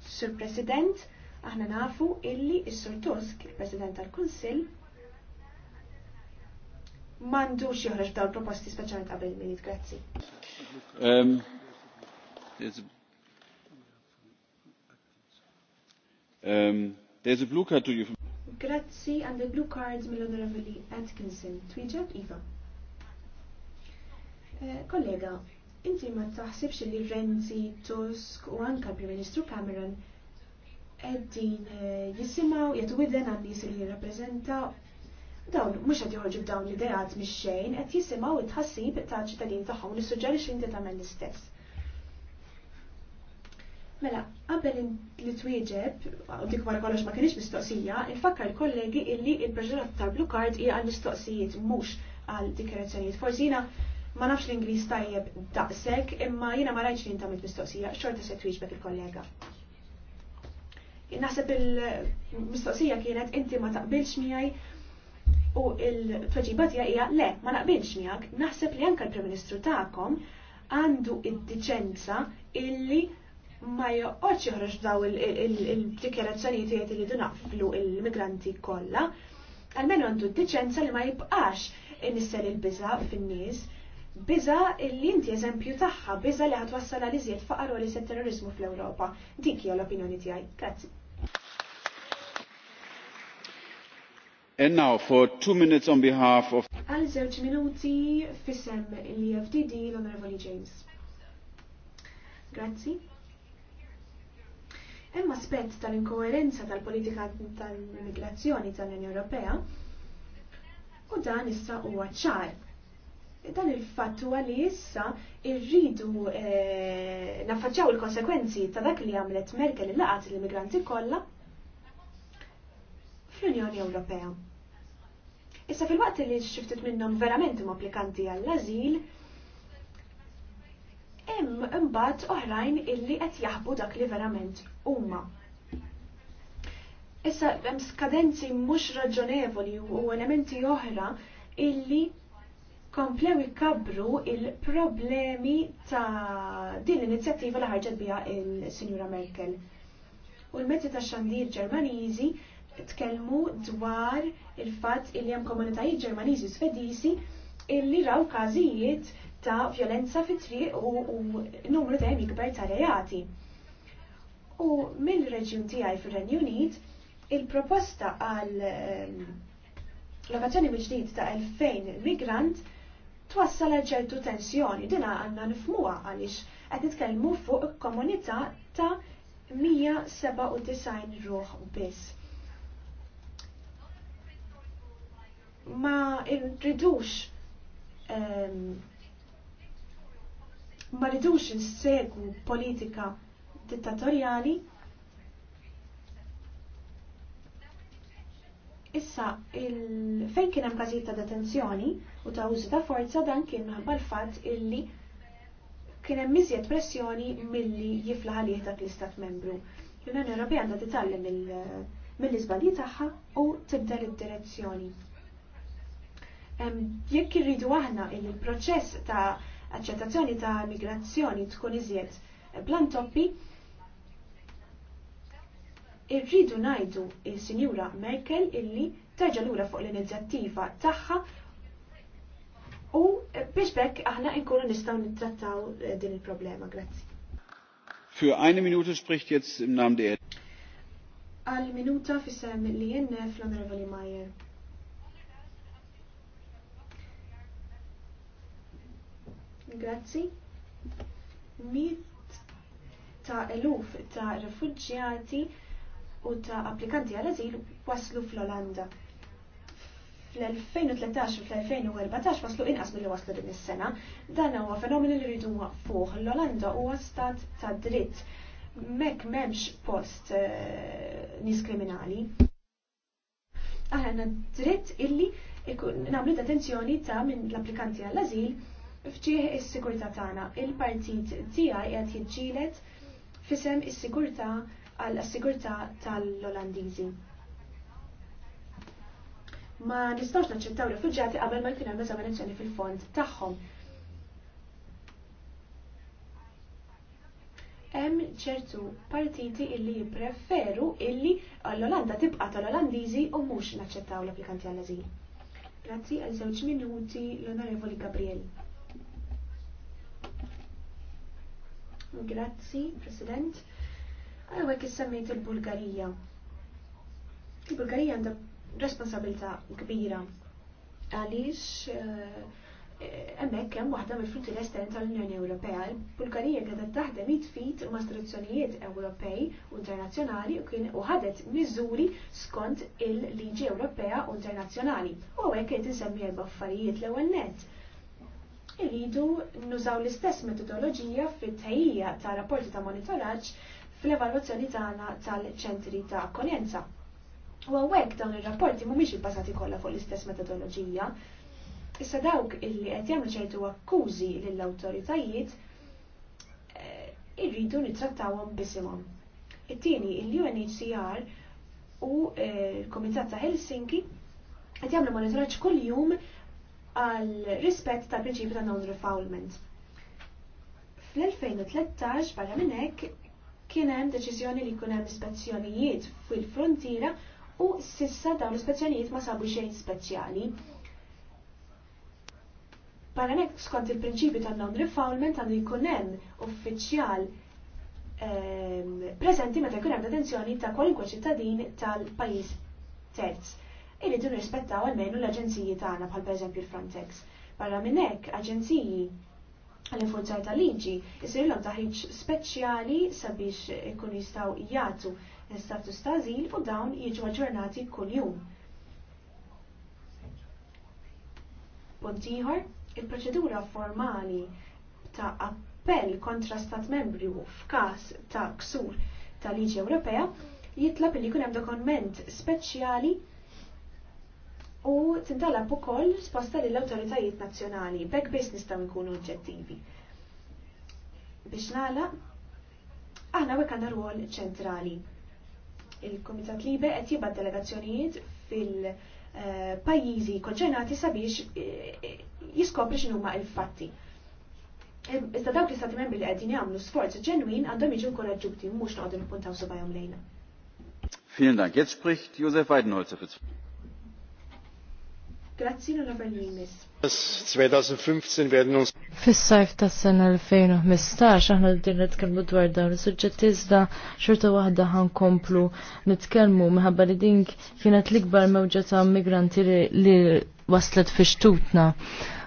S4: Sur President, aħna nafu illi s-Sur Tusk, il-President tal-Kunsill, mandu xieħraġ dawn proposti speċjalment qabel miliet grazzi.
S2: Um, um, there's a blue card to you.
S4: Grazzi the blue cards mill-Onorevoli Atkinson. Twiġab, Iva. Eh, kollega, inti ma taħsibx li Renzi, Tusk u anka Prim Ministru Cameron eddin eh, jisimaw jatu widen għan nis li jirrapprezenta dawn mhux qed joħorġu b'dawn l-ideat mix-xejn qed jisimgħu it ħassib ta' ċittadin tagħhom li suġġerixxi inti tagħmel l-istess. Mela, qabel li twieġeb, u dik wara kollox ma kienx mistoqsija, infakkar kollegi illi il preġurat ta' Blue Card hija għal mistoqsijiet mhux għal dikjerazzjonijiet. Forsi jiena ma nafx l-Ingliż tajjeb daqshekk, imma jiena ma rajtx li tagħmel mistoqsija, xorta se twieġbek il-kollega. Naħseb il-mistoqsija kienet inti ma taqbilx miegħi u il-tweġiba tiegħi hija le, ma naqbilx miegħek, naħseb li anke l-Prim Ministru tagħkom għandu id-diċenza illi ma joqgħodx joħroġ daw il-dikjarazzjonijiet jgħid li naqflu il-migranti kollha, għalmen għandu d-deċenza li ma jibqax inissel il-biża fin-nies, biża li inti eżempju tagħha, biża li ħatwassal għal iżjed faqar u li terrorizmu fl-Ewropa. Dik hija l-opinjoni tiegħi. Grazzi.
S2: And now for two minutes on behalf of...
S4: Għal żewġ minuti Fisem li FDD l-Onorevoli James. Grazzi. Hemm aspett tal-inkoerenza tal-politika tal-immigrazzjoni tal-Unjoni Ewropea u dan issa huwa ċar. Dan il-fatt huwa li issa irridu eh, naffaċċaw il-konsekwenzi ta' dak li għamlet Merkel il laqat l-immigranti kollha fl-Unjoni Ewropea. Issa fil-waqt li xiftit minnhom verament huma applikanti għall-ażil, Imm imbagħad oħrajn illi qed jaħbu dak li verament huma. Issa hemm skadenzi mhux raġonevoli u elementi oħra illi komplew ikabru il-problemi ta' din l-inizjattiva li ħarġet biha il-Sinjura Merkel. U l-mezzi ta' xandir Ġermaniżi tkellmu dwar il-fatt illi hemm komunitajiet Ġermaniżi u illi raw każijiet ta' violenza fit-triq u numru dejjem jikber ta' reati. U mill-reġjun tiegħi fir-Renju Unit, il-proposta għal ehm, lokazzjoni mill-ġdid ta' 2000 migrant twassal ċertu tensjoni. Dina għandna nifmuha għaliex qed nitkellmu fuq komunità ta' 197 ruħ biss. ma irridux ehm, ma ridux insegu politika dittatorjali. Issa, fejn kien hemm każijiet ta' detenzjoni u ta' użu ta' forza dan kien minħabba l-fatt illi kien hemm miżjed pressjoni milli jiflaħ għalih dak l-Istat Membru. L-Unjoni Ewropea għandha titgħallem mill-iżbalji tagħha u tibdel id-direzzjoni. Jekk irridu aħna il proċess ta' aċċettazzjoni ta' migrazzjoni tkun iżjed eh, plan toppi, irridu najdu il-Sinjura Merkel illi terġa' lura fuq l-inizjattiva tagħha u eh, biex bekk aħna nkunu nistgħu nittrattaw eh, din il-problema. Grazzi.
S2: Für eine Minute spricht jetzt im Namen der
S4: Għal minuta fissem li jenne fl-Onorevoli Mayer. Grazzi. Mit ta' eluf ta' rifugġjati u ta' applikanti għal azil waslu fl-Olanda. Fl-2013 u fl-2014 waslu inqas mill-li waslu din is-sena. Dan huwa fenomeni li rridu fuq l-Olanda huwa stat ta' dritt mek memx post uh, eh, niskriminali. Aħna dritt illi namlu attenzjoni ta' minn l-applikanti għall-azil fġieħ is-sigurtà tagħna. Il-partit tiegħi jgħat jidġilet fisem is-sigurtà għal sigurtà tal-Olandiżi. Ma nistgħux naċċettaw rifuġġjati qabel ma jkun hemm eżaminazzjoni fil-fond tagħhom. Hemm ċertu partiti illi jippreferu illi l-Olanda tibqa' tal-Olandiżi u mhux naċċettaw l-applikanti għall-ażil. Grazzi għal żewġ minuti l-Onorevoli Gabriel. Grazzi, President. għek semmejt il-Bulgarija. Il-Bulgarija għandha responsabilità kbira għaliex eh, hemmhekk hemm waħda mill l estern tal-Unjoni Ewropea. Il-Bulgarija kienet taħdem it-fit ma' istituzzjonijiet Ewropej u internazzjonali u kien u ħadet miżuri skont il-liġi Ewropea u internazzjonali. U hekk qed insemmi baffarijiet affarijiet l-ewwel net. Iridu nużaw l-istess metodoloġija fit tejija ta' rapporti ta' monitoraġġ fl-evalwazzjoni tagħna tal-ċentri ta' akkoljenza. U għawek dawn ir-rapporti mhumiex ibbażati kollha fuq l-istess metodoloġija. Issa dawk illi qed jagħmlu ċertu akkużi lill-awtoritajiet eh, irridu nittrattawhom bisimhom. It-tieni il-UNHCR u eh, l-Kumitat ta' Helsinki qed jagħmlu monitoraġġ kuljum għal rispett tal-prinċipju ta' non-refoulement. Fl-2013 barra minn hekk kien hemm deċiżjoni li jkun hemm ispezzjonijiet fil-frontiera u sissa dawn l-ispezzjonijiet ma sabu xejn speċjali. Barra hekk skont il-prinċipju ta' non-refoulement għandu jkun hemm uffiċjal ehm, prezenti meta jkun hemm detenzjoni ta' kwalunkwe ċittadin tal-pajjiż terz irridu nirrispettaw għalmenu l-aġenziji tagħna bħal pereżempju l-Frontex. Barra minn hekk aġenziji għall-infurzar tal-liġi jisirilhom taħriġ speċjali sabiex ikun jistgħu jagħtu status ta' azil u dawn jiġu aġġornati kuljum. Punt ieħor, il-proċedura formali ta' appell kontra stat membru f'każ ta' ksur tal-liġi Ewropea jitlab li jkun hemm dokument speċjali u tintalab ukoll li lill awtoritajiet nazzjonali bekk biss nistgħu nkunu oġġettivi. Biex nala, aħna wek għanna rwol ċentrali. Il-Kumitat Libe qed jibba delegazzjonijiet fil-pajjiżi eh, konċernati sabiex eh, eh, jiskopri ma' il fatti Iżda dawk l-istati membri li għedin jagħmlu sforz ġenwin għandhom jiġu nkoraġġuti mhux noqogħdu nippuntaw subajhom lejna.
S2: Vielen Dank. Jetzt spricht Josef Weidenholzer für
S4: Grazzi l
S3: Fis-sajf tas sena 2015 aħna din nitkellmu dwar dawn is-suġġett iżda xorta waħda ħankomplu nitkellmu minħabba li din kienet l-ikbar mewġa ta' migranti li waslet fix tutna.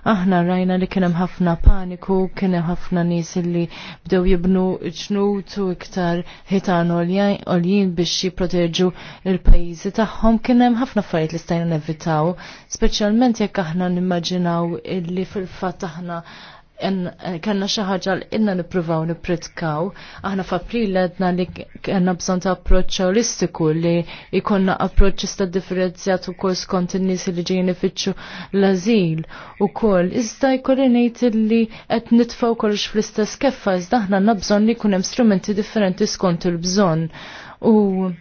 S3: Aħna rajna li kienem ħafna paniku, kienem ħafna nis li bdew jibnu ċnutu iktar ħitan oljien biex jiproteġu il-pajizi tagħhom. Kienem ħafna fajt li stajna nevitaw, speċjalment jekk aħna nimmaġinaw illi fil-fatt aħna Eh, kanna xaħġa l-inna nipruvaw nipritkaw, aħna f'April edna li kanna bżon ta' approċ holistiku li ikonna approċ sta' differenzjat u kol skont in-nies li ġejjin fitxu l-azil u kol. Iżda jkolli li qed nitfaw kollox fl-istess keffa, iżda aħna nabżon bżonn li jkun hemm strumenti differenti skont il-bżonn. U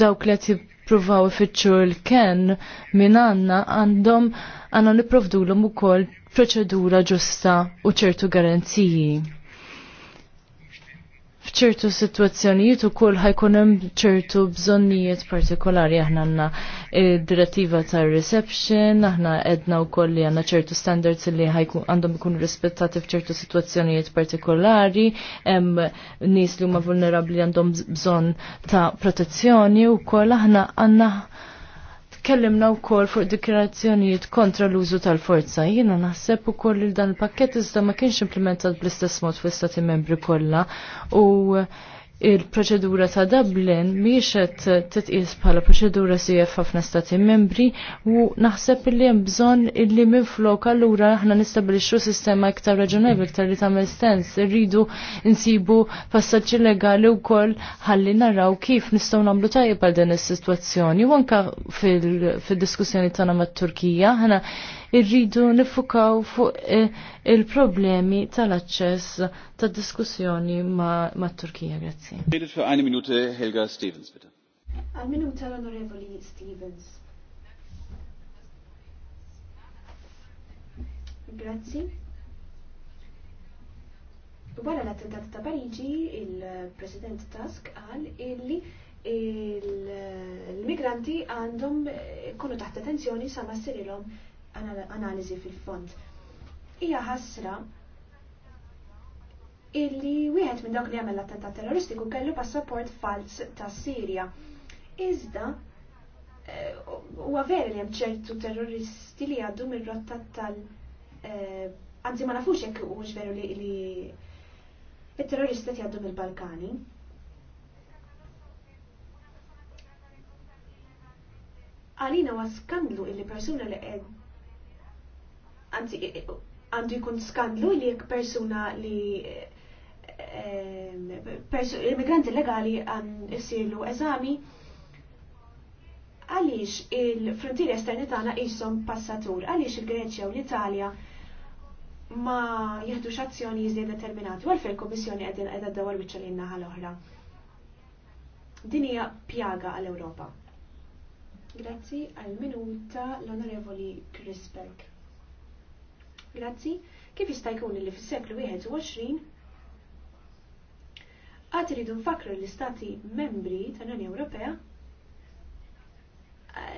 S3: dawk li qed jippruvaw ifittxu l-ken minn għanna għandhom għanna l ukoll proċedura ġusta u ċertu garanziji f'ċertu situazzjonijiet ukoll ħajkun hemm ċertu bżonnijiet partikolari aħna għandna eh, direttiva tar reception, aħna edna wkoll li għandna ċertu standards li għandhom ikunu rispettati f'ċertu situazzjonijiet partikolari, hemm nies li huma vulnerabbli għandhom bżonn ta' protezzjoni wkoll aħna għandna Kellimna wkoll fuq dikjarazzjonijiet kontra l-użu tal-forza. Jiena naħseb ukoll li dan il-pakket iżda ma kienx implementat bl-istess mod fl-istati membri kollha u il-proċedura ta' Dublin miexet qed titqies bħala proċedura sief ħafna stati membri u naħseb li hemm bżonn illi minflok allura aħna nistabilixxu sistema iktar raġunevoli iktar li tagħmel sens. Irridu nsibu passaġġi legali wkoll ħalli naraw kif nistgħu nagħmlu tajjeb għal din is-sitwazzjoni. U anke fil-diskussjoni tagħna mat-Turkija aħna irridu nifukaw fuq eh, il-problemi tal-aċċess tad diskussjoni ma' Turkija. Grazie.
S2: Redet Helga Stevens, bitte.
S4: Al minuta l-onorevoli Stevens. Grazzi. Wara l-attentat ta' Pariġi, il-President Tusk qal illi il-migranti għandhom eh, kunu taħt attenzjoni sa' ma' sirilhom analiżi fil-fond. Hija ħasra illi wieħed minn dawk li għamel l-attentat terroristiku kellu passaport fals ta' Sirja. Iżda eh, huwa għaveri li hemm ċertu terroristi li għaddu mir-rotta tal Għanzi eh, ma nafux jekk u veru li it-terroristi qed jgħaddu mill-Balkani. Għalina huwa skandlu illi persuna li għed anzi għandu jkun skandlu li jek persuna li immigranti legali għan isirlu eżami għaliex il-frontieri esterni tagħna qishom passatur, għaliex il-Greċja u l-Italja ma jieħdux azzjoni jiżjed determinati, għal fejn kommissjoni qegħdin qiegħda dawar biċċa lil naħa l-oħra. Din hija pjaga għall-Ewropa. Grazzi għal minuta l-Onorevoli Chris Berg. Grazzi, kif jista' jkun li fis-seklu 21 qatt iridu nfakru l-istati membri tal-Unjoni Ewropea eh,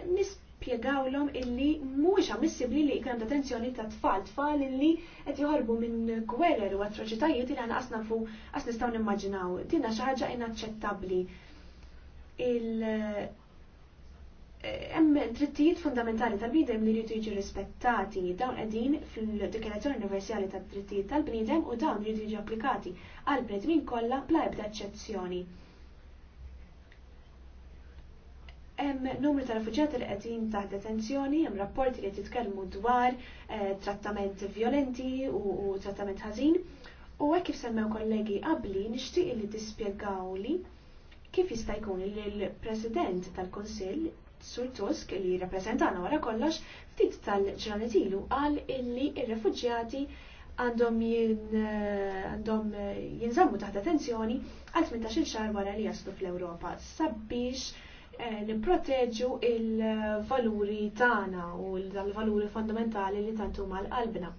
S4: nispjegawlhom illi mhuwiex ammissibbli li jkun hemm ta' tfal, tfal illi qed joħorbu minn gwerer u atroċitajiet li għandna qasna fu qas nistgħu nimmaġinaw. Dinna xi ħaġa inaċċettabbli hemm drittijiet fundamentali tal-bniedem li jridu jiġu rispettati, dawn qegħdin fil dikjarazzjoni Universali tad-Drittijiet tal-Bniedem u dawn jridu jiġu applikati għal bnedmin kollha bla ebda eċċezzjoni. Hemm numru ta' rifuġjati li qegħdin taħt detenzjoni, hemm rapporti li titkellmu dwar eh, trattament violenti u trattament ħażin. U hekk kif semmew kollegi qabli nixtieq li tispjegawli kif jista' jkun li l-President tal-Kunsill Sur Tusk li rappresentana wara kollox ftit tal-ġranet ilu qal illi il-refugġjati għandhom eh, għandhom eh, jinżammu taħt attenzjoni għal 18 xahar wara li jaslu fl-Ewropa sabiex eh, nipproteġu il-valuri tagħna u l-valuri fondamentali li tantu mal-qalbna.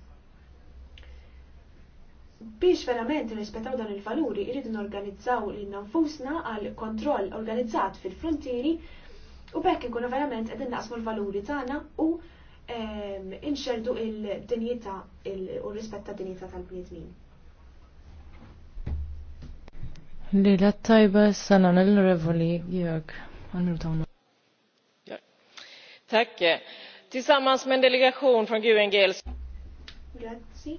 S4: Biex verament nirrispettaw dan il-valuri, irridu norganizzaw lil nfusna għal kontroll organizzat fil-frontieri U bekk inkunu verament qegħdin naqsmu l-valuri tagħna u ehm, inxerdu il-dinjità u rispetta dinjità tal bnidmin
S3: Lila tajba s-sana l-revoli Georg.
S5: Tack. Tillsammans med en delegation från GUNGL.
S4: Grazzi.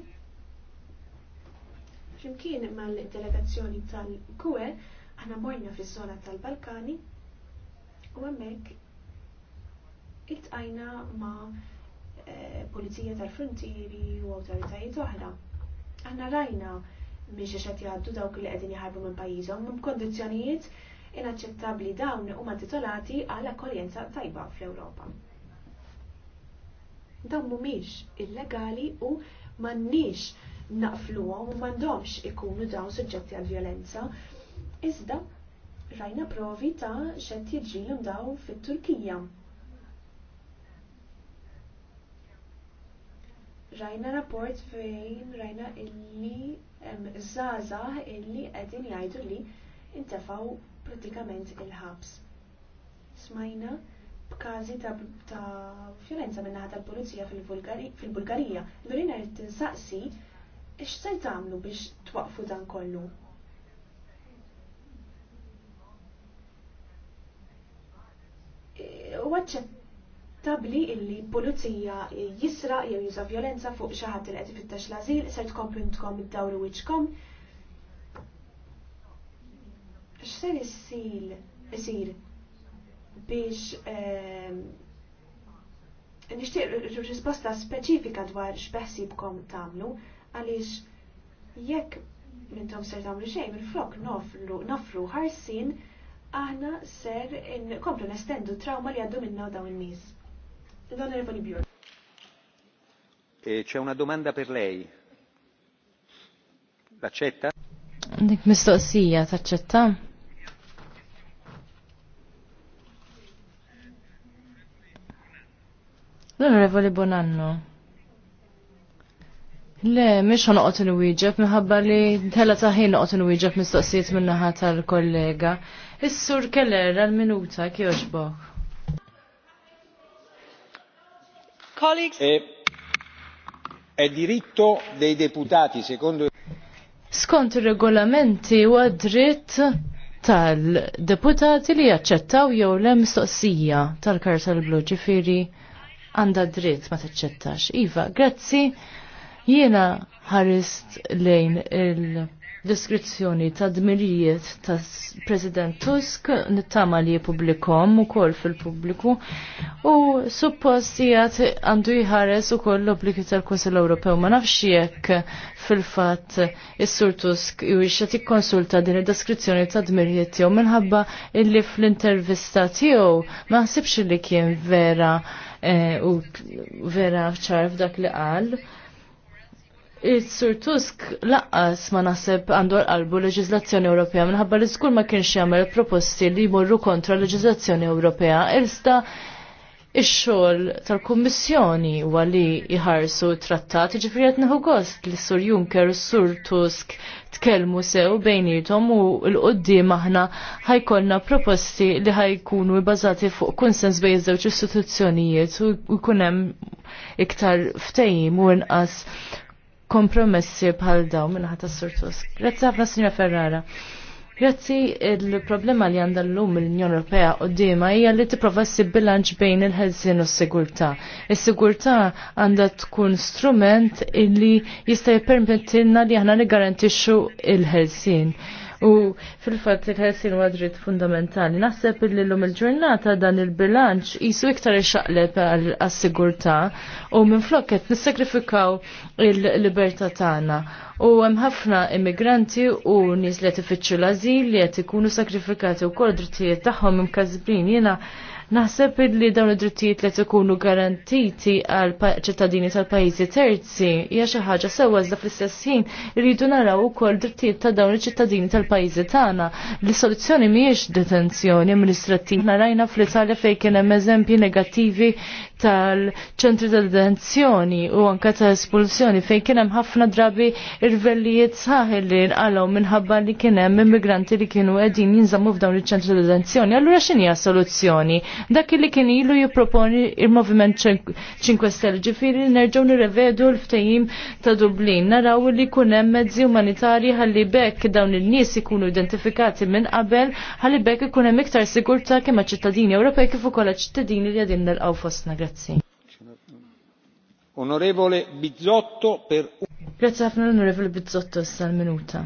S4: Flimkien mal-delegazzjoni tal-GUE, għana morna fis-zona tal-Balkani, U hemmhekk iltqajna ma' eh, pulizija tal-frontieri u awtoritajiet oħra. Aħna rajna biex qed jgħaddu dawk li qegħdin jaħarbu minn pajjiżhom b'kondizzjonijiet inaċċettabbli dawn huma titolati għal akkoljenza tajba fl-Ewropa. Dawn mhumiex illegali u m'għandniex naqfluhom u m'għandhomx ikunu dawn suġġetti għal violenza. Iżda rajna provi ta' xed jiġri daw fit-Turkija. Rajna rapport fejn rajna illi zaza illi qegħdin jgħidu li intefaw pratikament il-ħabs. Smajna b'każi ta', ta violenza ħata tal-pulizija fil-Bulgarija. Fil Durina rrid tinsaqsi x'se tagħmlu biex t-waqfu dan kollu. waċċettabli illi pulizija jisra jew juża violenza fuq xi ħadd li qed ifittex l-ażil ser tkomplu id-dawru wiċkom. X'ser issil isir biex ehm, nixtieq risposta speċifika dwar x'beħsibkom tagħmlu għaliex jekk minn tom ser tagħmlu xejn il flok nofru ħarsin aħna ser komplu nestendu trauma li għaddu minna dawn in-nies. L-Onorevoli Bjorn.
S2: E, c'è una domanda per lei. L'accetta?
S3: Dik mistoqsija, taċċetta? L-Onorevoli Bonanno. Le, mish ħanoqot il-wieġeb, minħabba li tella taħin noqgħod il-wieġeb mistoqsijiet minnaħat tal-kollega. Is-sur Keller għal-minuta kjoġbok.
S2: Colleagues. e, diritto dei deputati, secondo
S3: Skont ir-regolamenti huwa dritt tal-deputati li jaċċettaw jew le mistoqsija tal-karta l-blu ġifieri għandha dritt ma taċċettax. Iva, grazzi jiena ħarist lejn il- deskrizzjoni ta' dmirijiet ta' President Tusk nittama li publikom u kol fil-publiku u suppost għandu jħares u koll l-obbligi tal-Konsil Ewropew ma' nafxiek fil-fat is-Sur Tusk u jxet konsulta din id-deskrizzjoni ta' dmirijiet tiegħu minħabba illi fl-intervista tiegħu ma ħsibx li kien vera eh, u vera ċarf dak li qal Is-Sur Tusk laqqas ma naħseb għandu qalbu leġizlazzjoni Ewropea minħabba li żgur ma kienx jagħmel proposti li jmorru kontra leġizlazzjoni Ewropea. Iżda ix-xogħol tal-Kummissjoni huwa li jħarsu trattat, jiġifieri qed neħu gost li Sur Juncker u Sur Tusk tkellmu sew bejnietom u l qudiem aħna ħajkollna proposti li ħajkunu bbażati fuq konsens bejn iż-żewġ istituzzjonijiet u jkun hemm iktar ftehim u inqas kompromessi bħal daw minn ħata s-surtus. Grazzi ħafna Sinja Ferrara. Grazzi il-problema li għandha l-lum l-Unjon Ewropea dima hija li tipprova ssib bilanċ bejn il-ħelsien u s-sigurtà. Is-sigurtà għandha tkun strument illi jista' jippermettilna li aħna nigarantixxu il-ħelsien. il il ħelsien U fil-fat li ħelsin huwa dritt fundamentali. Naħseb li l-lum il-ġurnata dan il-bilanċ jisu iktar ixaqleb għas-sigurtà u minn flokket qed il-libertà tagħna. U hemm ħafna immigranti u nies li qed ifittxu l-ażil li qed ikunu sakrifikati wkoll drittijiet tagħhom imkasbin. Jiena Naħseb li dawn id-drittijiet li tkunu garantiti għal ċittadini tal-pajjiżi terzi hija xi ħaġa sewwa iżda fl-istess ħin irridu naraw ukoll drittijiet ta' dawn iċ-ċittadini tal-pajjiżi tagħna. L-soluzzjoni mhijiex detenzjoni amministrattiv. Narajna fl-Italja fejn kien hemm eżempji negattivi tal-ċentri ta' detenzjoni u anka ta' espulsjoni fejn kien hemm ħafna drabi irvellijiet saħel li nqalgħu minħabba li kien hemm immigranti li kienu qegħdin jinżammu f'dawn iċ-ċentri ta' detenzjoni. Allura x'inhi soluzzjoni? Dak li kien ilu jipproponi il-Moviment 5 Stelle ġifieri nerġgħu nirrevedu l-ftehim ta' Dublin. Naraw li kun hemm mezzi umanitarji ħalli bekk dawn in-nies ikunu identifikati minn qabel ħalli bekk ikun hemm iktar sigurtà kemm ċittadini Ewropej kif ukoll ċittadini li qegħdin nilqgħu fostna. Grazzi.
S2: Onorevole Bizzotto per...
S3: Grazzi ħafna l-Onorevole Bizzotto sal-minuta.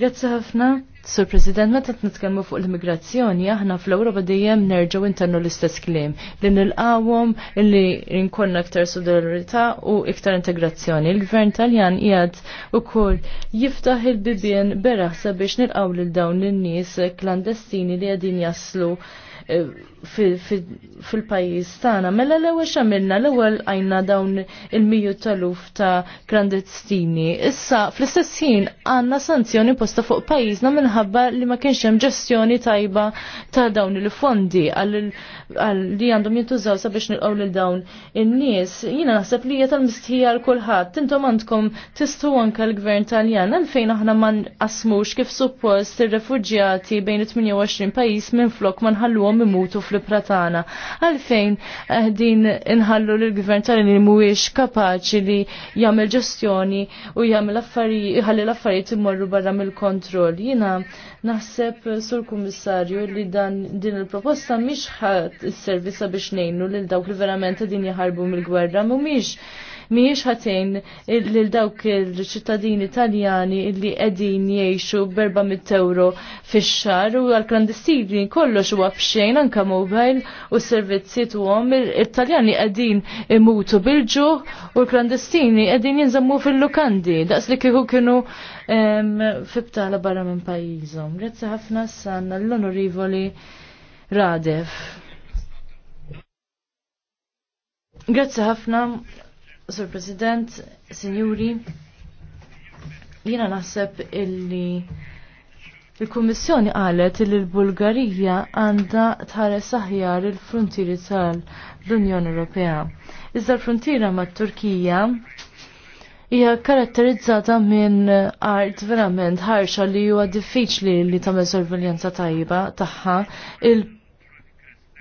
S3: Grazzi ħafna, Sur President, meta nitkellmu fuq l-immigrazzjoni, aħna fl europa dejjem nerġgħu intennu l-istess kliem li nilqawhom li nkollna aktar solidarità u iktar integrazzjoni. Il-Gvern Taljan qiegħed ukoll jiftaħ il-bibien beraħsa biex nilqaw lil dawn lin-nies klandestini li qegħdin jaslu eh, fil-pajis tana. Mela l-ewel xamilna, l-ewel għajna dawn il-miju taluf ta' klandestini. Issa, fl-istess ħin għanna sanzjoni posta fuq pajizna minħabba li ma kienx hemm ġestjoni tajba ta' dawn il-fondi għal li għandhom jintużaw sabiex nilqaw lil dawn in-nies. Jiena naħseb li hija tal-mistħija għal kulħadd. Intom għandkom tistgħu anke l-Gvern Taljan għalfejn aħna ma nqasmux kif suppost ir-refuġjati bejn 28 pajjiż minn flok ma nħalluhom imutu fl pratana tagħna. Għalfejn eh, din inħallu l gvern tal li mhuwiex kapaċi li jagħmel ġestjoni u jagħmel affarijiet ħalli l-affarijiet immorru barra mill-kontroll. Jiena naħseb sur kummissarju li dan din il-proposta mhix ħadd is-servisa biex ngħinu lil dawk li verament din jaħarbu mill-gwerra mhumiex miex ħatejn lil dawk il-ċittadini taljani li qegħdin jgħixu berba euro fix-xar u għal-klandestini kollox huwa b'xejn anke mobile u servizzi tuhom it-Taljani qegħdin imutu bilġu u l-klandestini qegħdin jinżammu fil-lukandi daqs li kieku kienu fibtala barra minn pajjiżhom. Grazzi ħafna s-sanna l-onorivoli Radef. Grazzi ħafna Sur President, Signuri, jina naħseb illi il-Kummissjoni qalet li l-Bulgarija għandha tħares aħjar il-frontieri tal-Unjoni Ewropea. Iżda l frontira mat-Turkija hija karatterizzata minn art verament ħarxa li huwa diffiċli li tagħmel sorveljanza tajba tagħha. il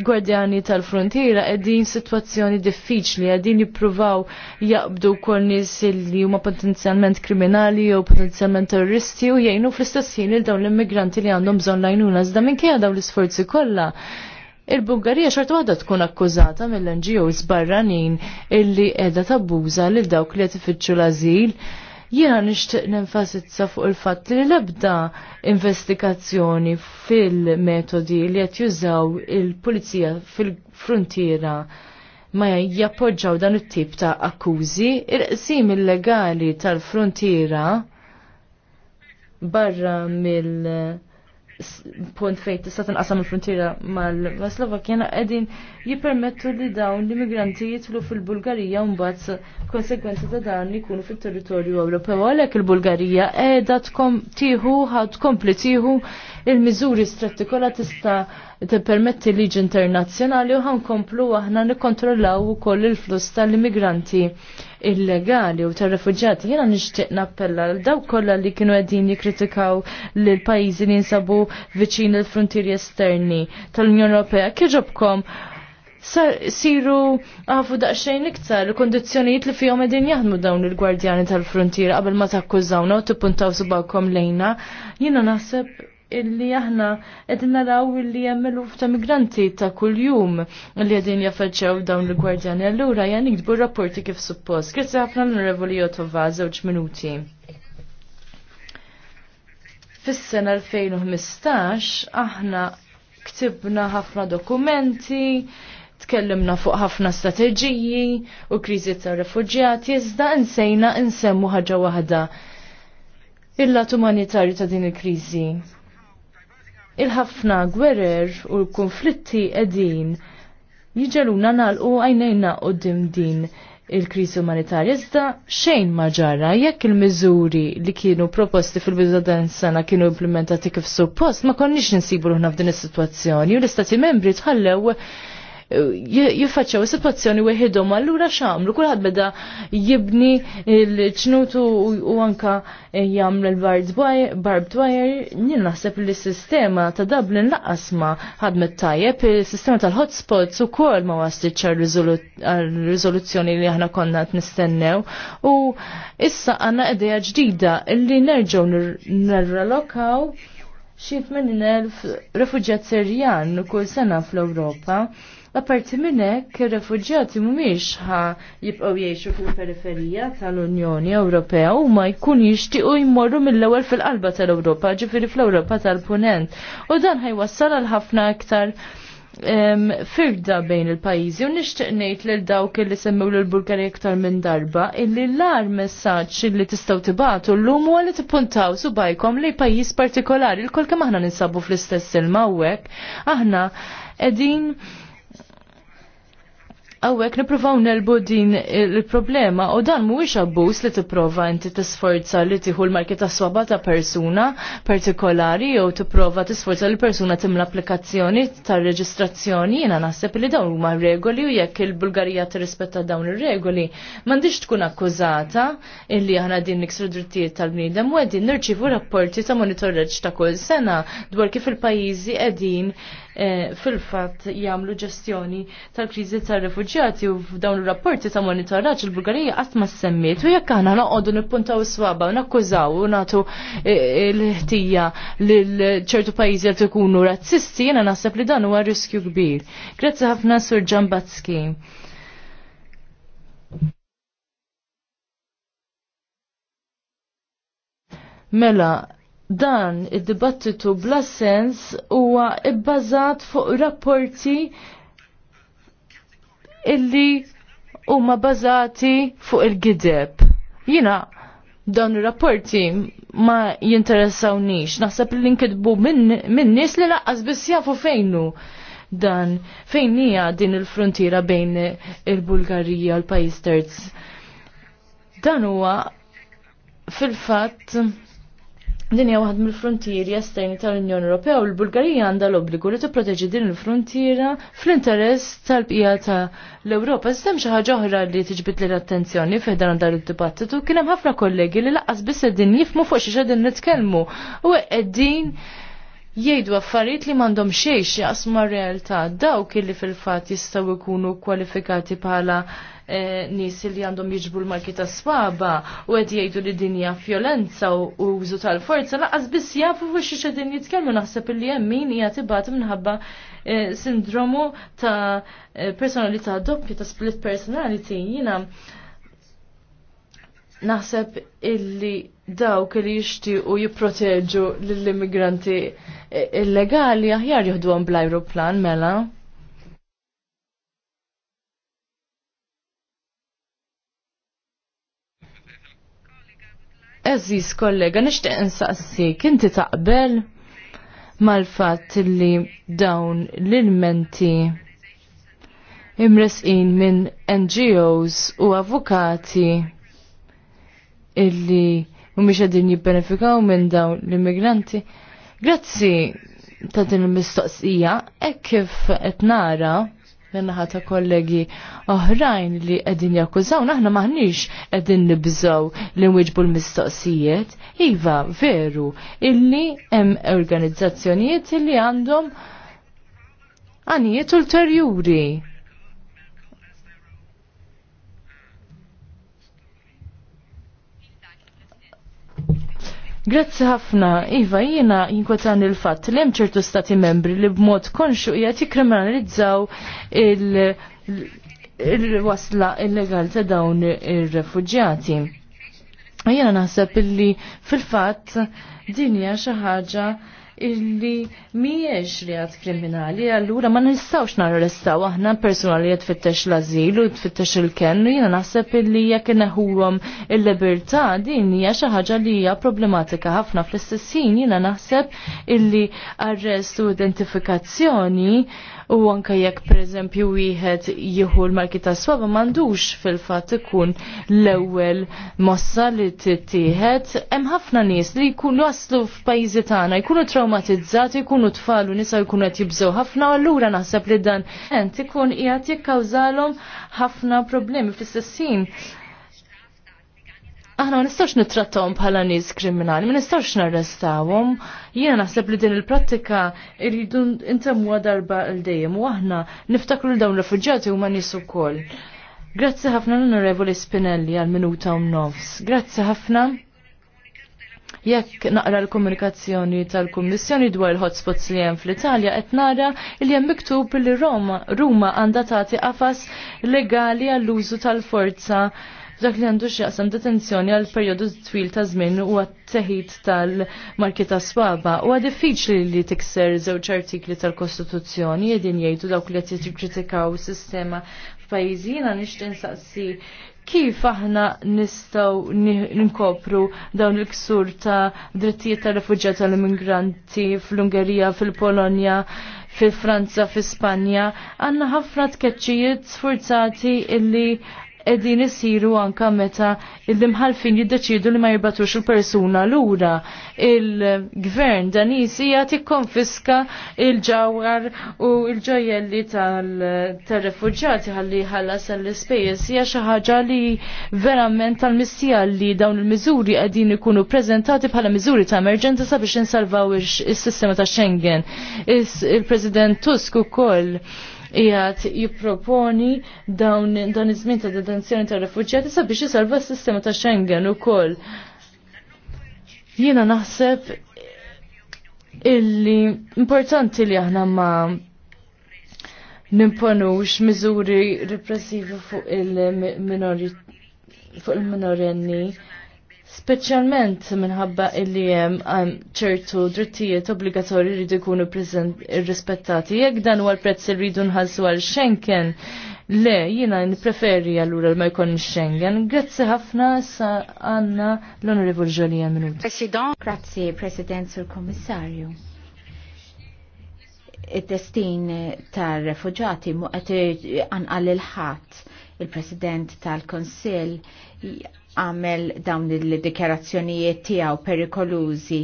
S3: gwardjani tal-frontiera qegħdin sitwazzjoni diffiċli, qegħdin jippruvaw jaqbdu wkoll nies li huma potenzjalment kriminali jew potenzjalment terroristi u jgħinu fl-istess ħin il dawn l-immigranti li għandhom bżonn lajnuna iżda minkejja dawn l-isforzi kollha il-Bulgarija xorta għadha tkun akkużata mill-NGOs barranin illi qiegħda tabbuża lil dawk li qed ifittxu l-ażil Jiena nixtieq nenfasizza fuq il fat li l-ebda investigazzjoni fil-metodi li qed jużaw il-pulizija fil-frontiera ma jappoġġaw dan it-tip ta' akkużi, il-qsim illegali tal-frontiera barra mill- punt fejt tista' tinqasam il-frontiera mal-Slovakja qegħdin jippermettu li dawn l-immigranti jitlu fil-Bulgarija mbagħad konsekwenza ta' dan li jkunu fit-territorju Ewropew. Għalhekk il-Bulgarija qiegħda tkom tieħu ħad tkompli tieħu il-miżuri stretti kollha tista' tippermetti liġi internazzjonali u ħankomplu aħna nikkontrollaw ukoll il flus tal-immigranti illegali u tar-refuġjati. Jiena nixtieq nappella l dawk kollha li kienu qegħdin jikkritikaw lil pajjiżi li jinsabu viċin il-frontieri esterni tal-Unjoni Ewropea. Kieġobkom siru għafu daqsxejn iktar il-kondizjonijiet li fihom qegħdin jaħdmu dawn il-gwardjani tal frontier qabel ma takkużawna u tippuntaw subawkom lejna. Jiena naħseb illi aħna qegħdin naraw illi hemm eluf ta' migranti ta' kuljum li qegħdin jaffaċċew dawn il-gwardjani allura ja nikdbu rapporti kif suppost. Grazzi ħafna l-Onorevoli Jotova żewġ minuti. Fis-sena 2015 aħna ktibna ħafna dokumenti, tkellimna fuq ħafna strateġiji u kriżi ta' refuġjati, iżda nsejna nsemmu ħaġa waħda il-lat umanitarju ta' din il-kriżi il-ħafna gwerer u l-konflitti edin jiġaluna u għajnejna u din il-kriż umanitarja. Iżda xejn ma ġara jekk il-miżuri li kienu proposti fil-bidu sena kienu implementati kif suppost ma konniex insibu ruħna f'din is-sitwazzjoni u l-istati membri tħallew jiffaċċaw is weħidhom allura x'għamlu kulħadd beda jibni l-ċnutu u anka jagħmel il-barbed wire jien naħseb li s-sistema ta' Dublin laqas ma ħadmet tajjeb is-sistema tal-hotspots ukoll ma waslitx għal-riżoluzzjoni li aħna konna qed nistennew u issa għandna idea ġdida li nerġgħu nirrelokaw xi 80,000 refuġjat Sirjan kull sena fl-Ewropa Apparti minn hekk, ir-refuġjati mhumiex ħa jibqgħu jgħixu fil-periferija tal-Unjoni Ewropea u ma jkun jixtiequ jmorru mill-ewwel fil-qalba tal-Ewropa, ġifiri fl-Ewropa tal-Punent. U dan ħajwassal għal ħafna aktar um, firda bejn il-pajizi u nishtiqnejt ngħid lil dawk li semmew l Bulgarija iktar minn darba illi l-ar messaġġ li tistgħu tibatu llum huwa li tippuntaw subajkom li pajjiż partikolari l-kol kemm aħna ninsabu fl-istess il-mawek aħna qegħdin Għawek niprofaw nelbu din il-problema u dan mhuwiex abbus li tipprova inti tisforza li tieħu l marketa swaba ta' persuna partikolari jew tipprova tisforza li persuna tim l-applikazzjoni tar-reġistrazzjoni jiena naħseb li dawn huma regoli u jekk il-Bulgarija tirrispetta dawn ir-regoli m'għandix tkun akkużata illi aħna din niksru drittijiet tal-bniedem u għedin nirċivu rapporti ta' monitoraġġ ta' kull sena dwar kif il-pajjiżi qegħdin Eh, fil-fatt jagħmlu ġestjoni tal-kriżi tar-refuġjati u f'dawn ir-rapporti ta' monitoraġġ il-Bulgarija qatt ma semmiet u jekk aħna noqogħdu nippuntaw is-swaba u nakkużaw u nagħtu eh, l-ħtija lil ċertu pajjiżi qed ikunu razzisti jiena naħseb li dan huwa riskju kbir. Grazzi ħafna Sur Batski. Mela, dan id-dibattitu bla sens huwa ibbażat fuq rapporti illi huma bażati fuq il-gideb. Jina dawn ir-rapporti ma jinteressawniex, naħseb li nkitbu minn min nies li laqqas biss jafu fejnu dan fejn hija din il-frontiera bejn il-Bulgarija u l-pajjiż terz. Dan huwa fil-fatt Din hija waħda mill-frontieri esterni tal-Unjoni Ewropea u l-Bulgarija għandha l-obbligu li tipproteġi din il-frontiera fl-interess tal-bqija tal-Ewropa. Iżda hemm xi ħaġa oħra li tiġbid lil attenzjoni fih dan id-dibattitu kien hemm ħafna kollegi li laqas biss din jifmu fuq xi qegħdin nitkellmu u qegħdin jgħidu affarijiet li m'għandhom xejn x'jaqsmu r realtà dawk illi fil-fatt jistgħu jkunu kwalifikati bħala Eh, nis li għandhom jiġbu l-marki ta' swaba u għed jgħidu li dinja violenza u użu tal-forza laqas biss jafu xi xedin jitkellmu naħseb li hemm min hija tibgħat minħabba eh, sindromu ta' eh, personalità doppja ta' split personality jiena naħseb illi dawk li jixtiequ jipproteġu lill-immigranti illegali aħjar jieħdu bl-ajruplan mela. Eżis kollega, nishtiq insaqsi, kinti taqbel mal-fat li dawn l-ilmenti imresqin minn NGOs u avukati illi mhumiex qegħdin jibbenefikaw minn dawn l-immigranti. Grazzi ta' din il-mistoqsija, hekk kif qed nara minnaħa ta' kollegi oħrajn li qegħdin jakkużaw, aħna maħniex qegħdin nibżaw li nwiġbu l-mistoqsijiet. Iva, veru, illi hemm organizzazzjonijiet illi għandhom għanijiet ulterjuri Grazzi ħafna, Iva, jiena jinkwetan il-fat li hemm ċertu stati membri li b'mod konxu qiegħed jikriminalizzaw il-wasla illegal ta' dawn ir-refuġjati. Jiena naħseb illi fil-fatt din hija xi ħaġa illi miex għad kriminali, għallura ma nistawx narrestaw aħna persuna li jitfittex l azilu u jitfittex il-ken u jina naħseb illi jek neħurom il-libertà din hija xi ħaġa li hija problematika ħafna fl-istessin jina naħseb illi arrest u identifikazzjoni u anke jekk pereżempju wieħed jieħu l-marki ta' swaba m'għandux fil-fatt ikun l-ewwel mossa li tittieħed hemm ħafna nies li jkunu aslu f'pajjiżi tagħna jkunu traw traumatizzati, kunu tfal u nisa jkunu qed jibżgħu ħafna, u allura naħseb li dan ent ikun qiegħed jikkawżalom ħafna problemi fl-istessin. Aħna ma nistax nittrattawhom bħala nies kriminali, ma nistax narrestawhom. Jiena naħseb li din il-prattika irridu intemmuha darba l dejjem u aħna niftakru l dawn refuġjati huma nies ukoll. Grazzi ħafna l-Onorevoli Spinelli għal minuta u nofs. Grazzi ħafna jekk naqra l-komunikazzjoni tal-Kummissjoni dwar il-hotspots li hemm fl-Italja qed nara li hemm miktub li Roma Ruma għandha tagħti qafas legali għall-użu tal-forza dak li għandu x'jaqsam detenzjoni għal perjodu twil ta' żmien u għat-teħid tal-marki ta' swaba. U għad diffiċli li tikser żewġ artikli tal-Kostituzzjoni jedin jgħidu dawk li qed jikkritikaw sistema f'pajjiżina nixtieq insaqsi kif aħna nistaw ninkopru dawn il-ksur ta' drittijiet ta' rifugġati tal-immigranti fl-Ungerija, fil-Polonja, fil-Franza, fil-Spanja, għanna ħafna tkeċċijiet sforzati illi edin isiru anka meta il dimħalfin jiddeċidu li ma jirbatux il-persuna l-ura. Il-gvern danis hija tikkonfiska il-ġawar u il ġajelli tal-refugġati ħalli ħallas l-ispejjeż hija xi ħaġa li verament tal-missija li dawn il-miżuri qegħdin ikunu prezentati bħala miżuri ta' emerġenza sabiex nsalvaw is-sistema ta' Schengen. Il-President Tusk koll jgħat jipproponi dawn dan iż-żmien ta' detenzjoni ta' refuġjati sabiex isalva s-sistema ta' Schengen ukoll. Jiena naħseb illi importanti li aħna ma nimponux miżuri repressivi fuq il-minorenni. Fuq il-minorenni Speċjalment minħabba illi hemm ċertu drittijiet obbligatorji rridu jkunu irrispettati. Jekk dan huwa l-prezz li rridu nħallsu għal Schengen, le jiena nippreferi allura ma jkunx Schengen. Grazzi ħafna sa għandna l-Onorevol Ġolija Minut.
S1: President, grazzi President Sur Kommissarju id-destin tar refugġati muqet anqal il-ħat il-President tal-Konsil għamel dawn il-dikjarazzjonijiet tiegħu perikolużi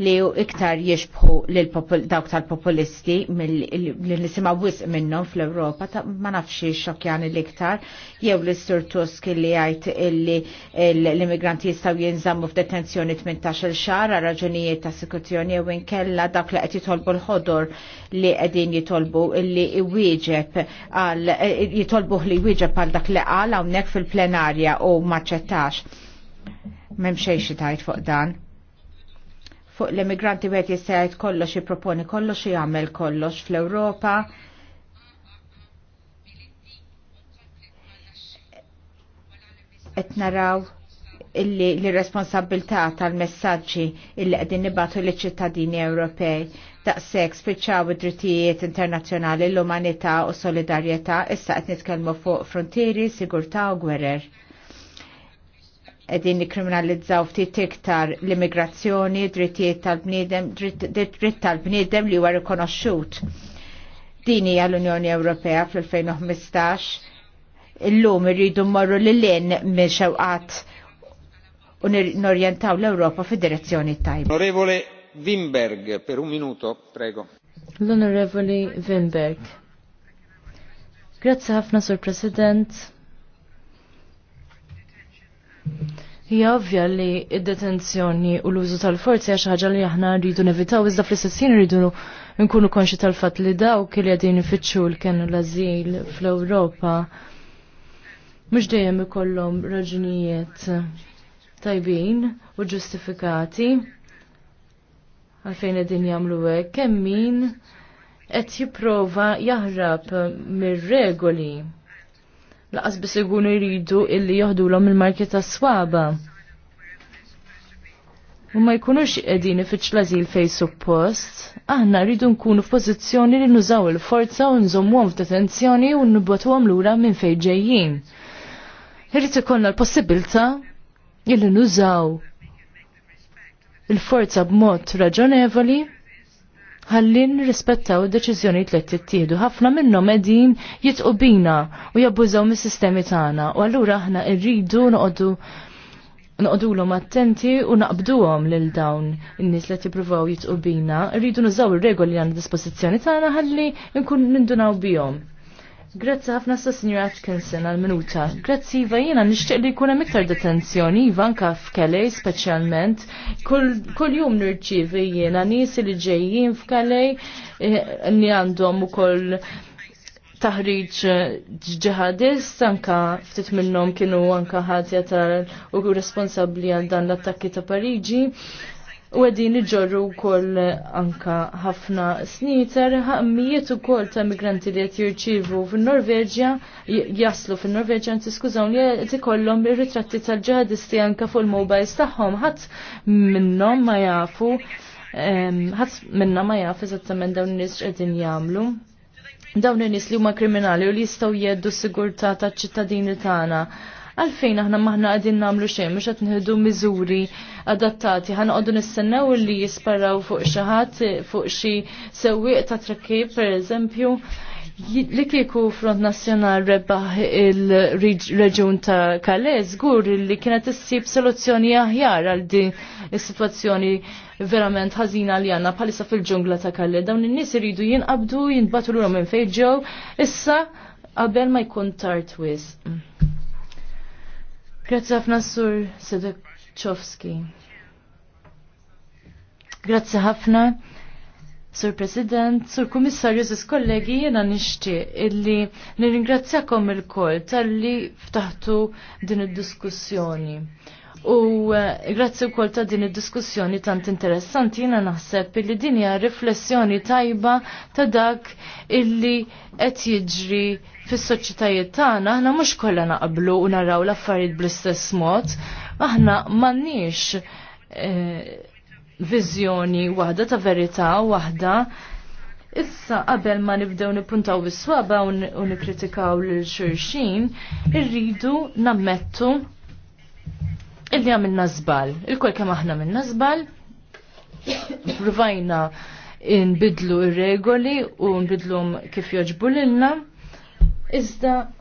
S1: li ju iktar jiexbħu dawk tal-populisti li nisimaw wisq minnhom fl-Ewropa ma nafx xokjani l-iktar jew l sur Tusk li jgħid illi l-immigranti jistgħu jinżammu f'detenzjoni 18 xar xahar raġunijiet ta' sikutjoni jew inkella dawk li qed jitolbu l-ħodor li qegħdin jitolbu illi jwieġeb għal jitolbu li jwieġeb għal dak li qal hawnhekk fil-plenarja u maċċettat 2012. xejn xi tajt fuq dan. Fuq l-immigranti wieħed jista' kollox jipproponi kollox jagħmel kollox fl-Ewropa. Qed naraw illi l-responsabilità tal-messagġi illi qegħdin nibatu liċ ċittadini Ewropej daqshekk spiċċaw id-drittijiet internazzjonali l-umanità u solidarjetà issa qed nitkellmu fuq frontieri, sigurtà u gwerer edin nikriminalizzaw ftit iktar l-immigrazzjoni, drittijiet tal-bniedem, dritt tal-bniedem li huwa rikonoxxut. Din hija l-Unjoni Ewropea fl-2015 illum irridu mmorru lil-lin minn xewqat u norjentaw l-Ewropa fid-direzzjoni tajba.
S2: Onorevole Wimberg, per un minuto, prego.
S1: l Wimberg.
S3: Grazie ħafna, Sur President. Hija ovvja li id-detenzjoni u l-użu tal-forzi għax ħaġa li aħna rridu nevitaw iżda fl-istessin rridu nkunu konxi tal-fatt li daw kelli qegħdin ifittxu l kienu l-azil fl-Ewropa mhux dejjem ikollhom raġunijiet tajbin u ġustifikati għalfejn qegħdin jagħmlu hekk kemm min qed jipprova jaħrab mir-regoli laqas bis ikunu jridu illi joħdulhom il-marki ta' swaba. U ma jkunux qegħdin ifiċ l-azil fej suppost, aħna rridu nkunu f'pożizzjoni li nużaw il-forza u nżommuhom f'detenzjoni u nibbotuhom lura minn fejn ġejjin. Irrid ikollna l-possibilità illi nużaw il-forza b'mod raġonevoli ħalli nirrispettaw id-deċiżjonijiet li tittieħdu. Ħafna minnhom qegħdin jitqu bina u jabbużaw mis-sistemi tagħna u allura aħna rridu noqogħdu noqdulhom attenti u naqbduhom lil dawn in-nies li jippruvaw jitqubina. rridu nużaw ir-regoli għand dispożizzjoni tagħna ħalli nkun nindunaw bihom. Grazzi ħafna sa' Signor Atkinson għal-minuta. Grazzi Iva, jena nishtiq li kuna iktar detenzjoni, Iva, anke f'Kelej specialment. Kull jum nirċivi jena nis li ġejjin f'Kelej eh, li għandhom u koll taħriġ ġihadist, anka ftit minnom kienu anka ħatja tal u responsabli għal dan l-attakki ta' Pariġi u għedin iġorru kol anka ħafna snitar, mijiet u kol ta' migranti li għet jirċivu fil-Norveġja, jaslu fil-Norveġja, nti skużaw li għet ikollom ritratti tal ġadisti anka fuq il-mobiles taħħom, ħat minnom ma jafu, ħat minnom ma jafu eżattament dawn nis għedin jamlu. Dawn nis li huma kriminali u li jistaw jeddu s-sigurta ta' ċittadini tagħna. Ta għalfejn aħna maħna għadin namlu xejn mux qed nħedu miżuri adattati ħanqogħdu nistennew li jisparaw fuq xi ħadd fuq xi sewwieq ta' trakki pereżempju li kieku Front Nazzjonal rebaħ il-reġun ta' Kalez, gur li kienet issib soluzzjoni aħjar għal din is-sitwazzjoni verament ħażina li għanna palissa fil-ġungla ta' Kalez. Dawn in-nies iridu jinqabdu jinbatu l minn fejn ġew issa qabel ma jkun tard wisq. Grazzi ħafna sur Sedekowski. Grazzi ħafna. Sur President, Sur Kummissarju, Sis kollegi, jena nishti illi nirringrazzjakom il koll tal-li ftaħtu din id-diskussjoni. U eh, grazzi u ta' din id-diskussjoni tant interessanti jena naħseb illi din hija riflessjoni tajba ta' dak illi qed jiġri fis-soċjetajiet tagħna aħna mhux kollha naqblu u naraw l-affarijiet bl-istess mod, aħna m'għandniex eh, viżjoni waħda ta' verità waħda Issa qabel ma nibdew nippuntaw is-swaba u nikkritikaw lil xulxin, irridu nammettu illi għamilna żball. Il-kol kemm aħna minna żball, provajna nbidlu ir-regoli u nbidlu kif joġbu lilna. Iżda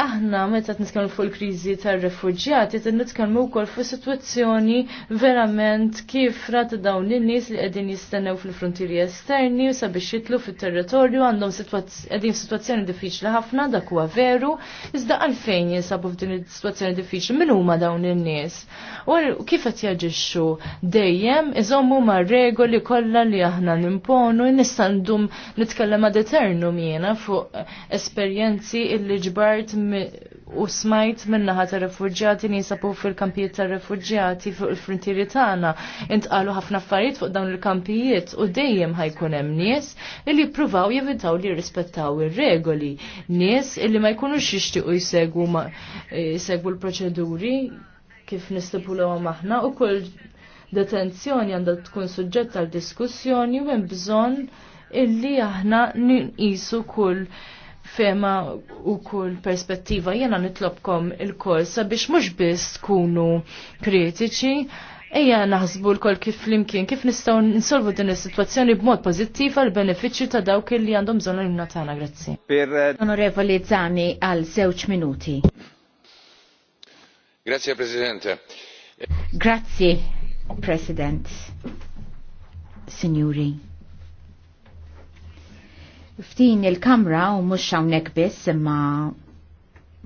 S3: aħna meta nitkellmu fuq il-kriżi tar-refuġjati qed nitkellmu wkoll fuq sitwazzjoni verament kif rat dawn in-nies li qegħdin jistennew fil-frontieri esterni sabiex jitlu fit-territorju għandhom qegħdin f'sitwazzjoni diffiċli ħafna dak huwa veru, iżda għalfejn jinsabu f'din is-sitwazzjoni diffiċli min huma dawn in-nies. U kif qed jaġixxu dejjem iżommu mar-regoli kollha li aħna nimponu nista' ndum nitkellem ad eternum jiena fuq esperjenzi illi ġbart u smajt minna ħata refugġjati nisabu fil-kampijiet ta' refugġjati fuq il-frontieri tagħna. Intqalu ħafna affarijiet fuq dawn il-kampijiet u dejjem ħajkun hemm nies illi jippruvaw jevitaw li jirrispettaw ir-regoli. Nies illi ma jkunux jixtiequ jsegwu jsegwu l-proċeduri kif nistipulaw maħna u kull detenzjoni għandha tkun suġġett għal diskussjoni u hemm bżonn illi aħna nqisu kull fema u kull perspettiva jena nitlobkom il korsa biex mux biss tkunu kritiċi Ejja naħsbu l-kol kif flimkien kif nistaw nsolvu din is-sitwazzjoni b'mod pozittiv għal benefiċċju
S1: ta' dawk li għandhom bżonn l tagħna grazzi. Onorevoli Zani għal żewġ minuti.
S2: Grazie Presidente.
S1: Grazie President. Signori f'din il-kamra u mhux hawnhekk biss imma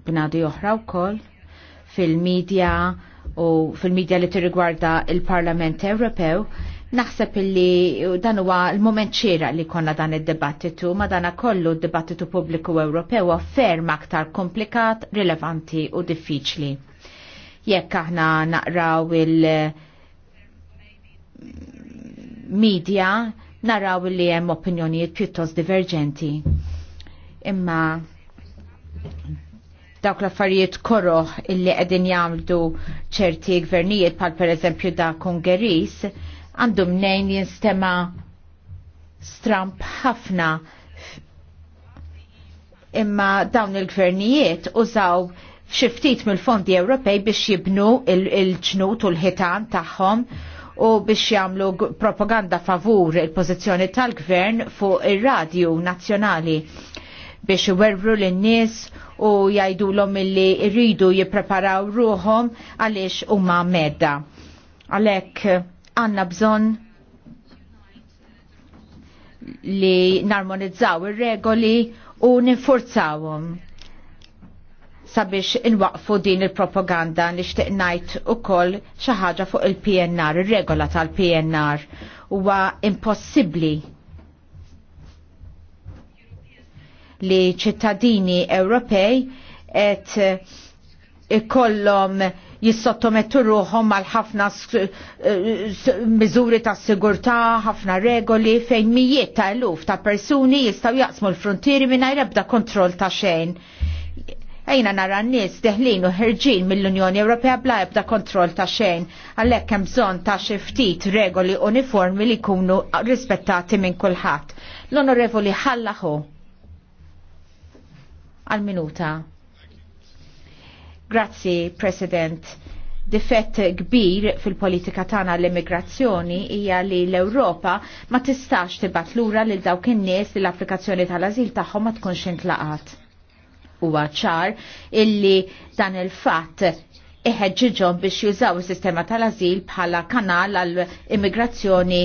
S1: b'nadi oħra wkoll fil-medja u fil-medja li tirrigwarda il-Parlament Ewropew naħseb illi dan huwa l-moment ċira li konna dan id-dibattitu, ma dana kollu d-dibattitu pubbliku Ewropew ferm aktar komplikat, rilevanti u diffiċli. Jekk aħna naqraw il- medja naraw li hemm opinjonijiet pjuttost diverġenti. Imma dawk l-affarijiet koroħ illi qegħdin jagħmlu ċerti gvernijiet bħal pereżempju Da Kongeris għandhom nejn jinstema stramp ħafna imma dawn il-gvernijiet użaw xiftit mill-fondi Ewropej biex jibnu il-ġnut u l-ħitan tagħhom u biex jagħmlu propaganda favur il-pożizzjoni tal-gvern fuq ir-radju nazzjonali biex werru l-nies u jajdu l-om illi rridu jipreparaw ruħom għalix umma medda. Għalek għanna bżon li narmonizzaw ir-regoli u ninforzawhom sabiex inwaqfu din il-propaganda nixtieq ngħid ukoll xi ħaġa fuq il-PNR, ir-regola il pnr ir regola tal pnr huwa impossibbli li ċittadini Ewropej qed ikollhom jissottomettu ruħom għal ħafna miżuri ta' sigurtà, ħafna regoli fejn mijiet ta' eluf ta' persuni jistaw jaqsmu l-frontieri mingħajr ebda kontroll ta' xejn. Ejna nara n-nies deħlin u ħerġin mill-Unjoni Ewropea bla ebda kontrol ta' xejn, għalhekk hemm bżonn ta' xi ftit regoli uniformi li jkunu rispettati minn kulħadd. L-Onorevoli ħallaħu għal-minuta. Grazzi, President difett kbir fil-politika tagħna l-immigrazzjoni hija li l-Ewropa ma tistax tibgħat lura lil dawk in-nies li l-applikazzjoni tal-ażil tagħhom ma tkunx intlaqat huwa ċar illi dan il-fatt iħedġiġom biex jużaw il-sistema tal-azil bħala kanal għall immigrazzjoni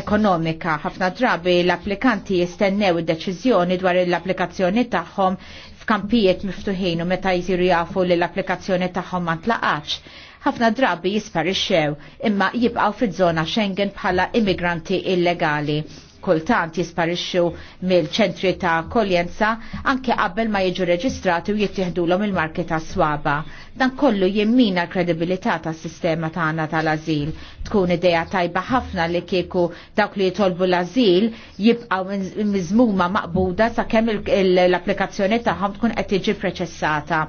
S1: ekonomika. ħafna drabi l-applikanti jistennew id-deċiżjoni dwar l-applikazzjoni tagħhom f'kampijiet miftuħin u meta jisiru jafu li l-applikazzjoni tagħhom ma tlaqax. Ħafna drabi jisparixxew imma jibqgħu fiż-żona Schengen bħala immigranti illegali kultant jisparixxu mill-ċentri ta' koljenza anke qabel ma jiġu reġistrati u jittieħdulhom il-marki ta' swaba. Dan kollu jimmina l-kredibilità tas sistema tagħna tal-azil. Tkun idea tajba ħafna li kieku dawk li jitolbu l-azil jibqgħu miżmuma maqbuda sakemm l-applikazzjoni tagħhom tkun qed tiġi preċessata.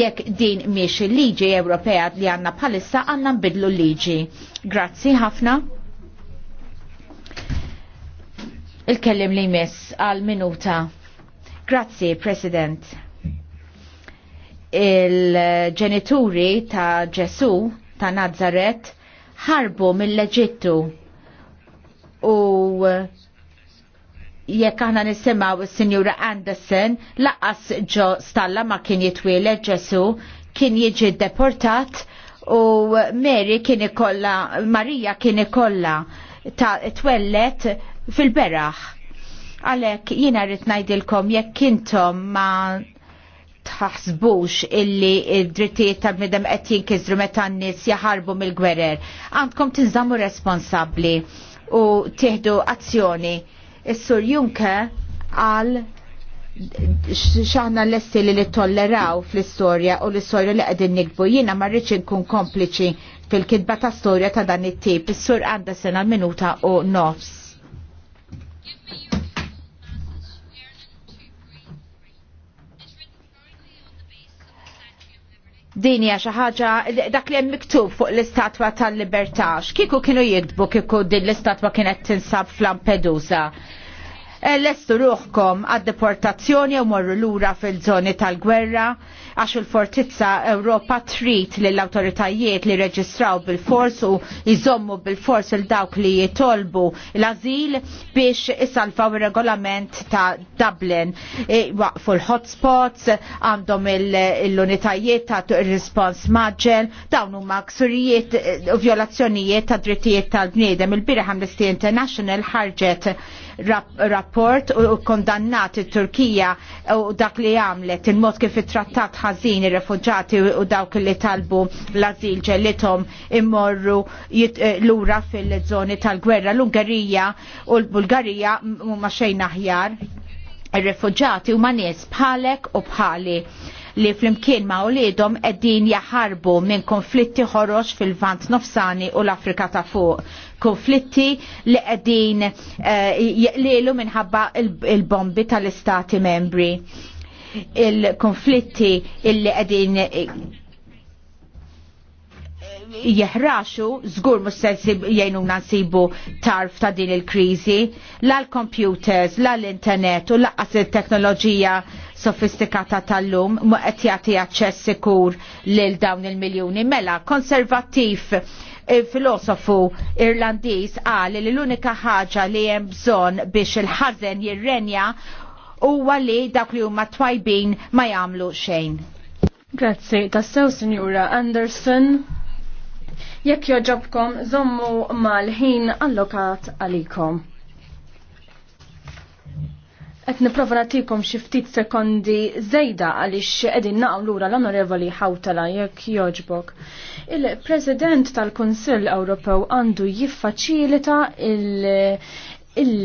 S1: Jekk din miex il-liġi Ewropea li għandna bħalissa għandna nbidlu l-liġi. Grazzi ħafna. il-kellim li jmiss għal minuta. Grazzi, President. Il-ġenituri ta' Ġesu ta' Nazaret ħarbu mill-Eġittu u jekk aħna nisimgħu is-Sinjura Anderson laqas ġo stalla ma kien jitwieled Ġesu kien jiġi deportat u Mary kien ikolla Marija kien ikolla ta' twellet fil-beraħ. Għalek jina rrit najdilkom jekk intom ma taħsbux illi id-drittijiet tal bnidem qed jinkisru meta n-nies jaħarbu mill-gwerer. Għandkom tinżammu responsabbli u tieħdu azzjoni. Is-Sur Juncker għal xaħna l-essi li li tolleraw fl-istoria u l-istoria li għedin nikbu jina marriċin kun kompliċi fil-kidba ta' storja ta' dan it-tip. Is-sur għanda sena minuta u nofs. Din hija xi ħaġa dak li hemm miktub fuq l-istatwa tal-Libertà. Kieku kienu jiktbu kieku din l-istatwa kienet tinsab f'Lampedusa. Eh, lestu ruħkom għad deportazzjoni u morru lura fil-żoni tal-gwerra għax il-fortizza Ewropa trit lill awtoritajiet li reġistraw bil-fors u jżommu bil-fors il-dawk li jitolbu l-azil biex isalfaw il-regolament ta' Dublin. E, waqfu l-hotspots, għandhom l-unitajiet ta' respons maġġel, dawn huma ksurijiet e, u violazzjonijiet ta' drittijiet tal-bniedem. Il-biraħam l International ħarġet rapport u kondannat il-Turkija u dak li għamlet il-mod kif it-trattat ħażin ir-refugġati u dawk li talbu l-azil ġellitom immorru eh, lura fil-żoni tal-gwerra l-Ungerija u l-Bulgarija huma xejn aħjar. Ir-refugġati huma nies bħalek u bħali li flimkien ma' uliedhom qegħdin jaħarbu minn konflitti ħoroġ fil-Vant Nofsani u l-Afrika ta' fuq konflitti li qegħdin eh, jeqlilu minħabba il-bombi tal-istati membri. Il-konflitti illi qegħdin eh, jihraxu, zgur mux jgħinuna nsibu tarf ta' din il-krizi, la l-computers, la l-internet u laqqas il-teknoloġija sofistikata tal-lum, muqqet jagħti għacċess sikur lil dawn il-miljoni. Mela, konservativ filosofu Irlandiż qal li l-unika ħaġa li hemm bżonn biex il-ħażen jirrenja huwa li dak li huma twajbin ma jagħmlu xejn. Grazzi, tassew Sinjura Anderson. Jekk joġobkom,
S6: żommu mal-ħin allokat għalikom. Qed nipprova nagħtikom xi ftit zejda żejda għaliex qegħdin l lura l-Onorevoli ħawtala jekk jogħġbok. Il-President tal-Kunsill Ewropew għandu jiffaċilita il-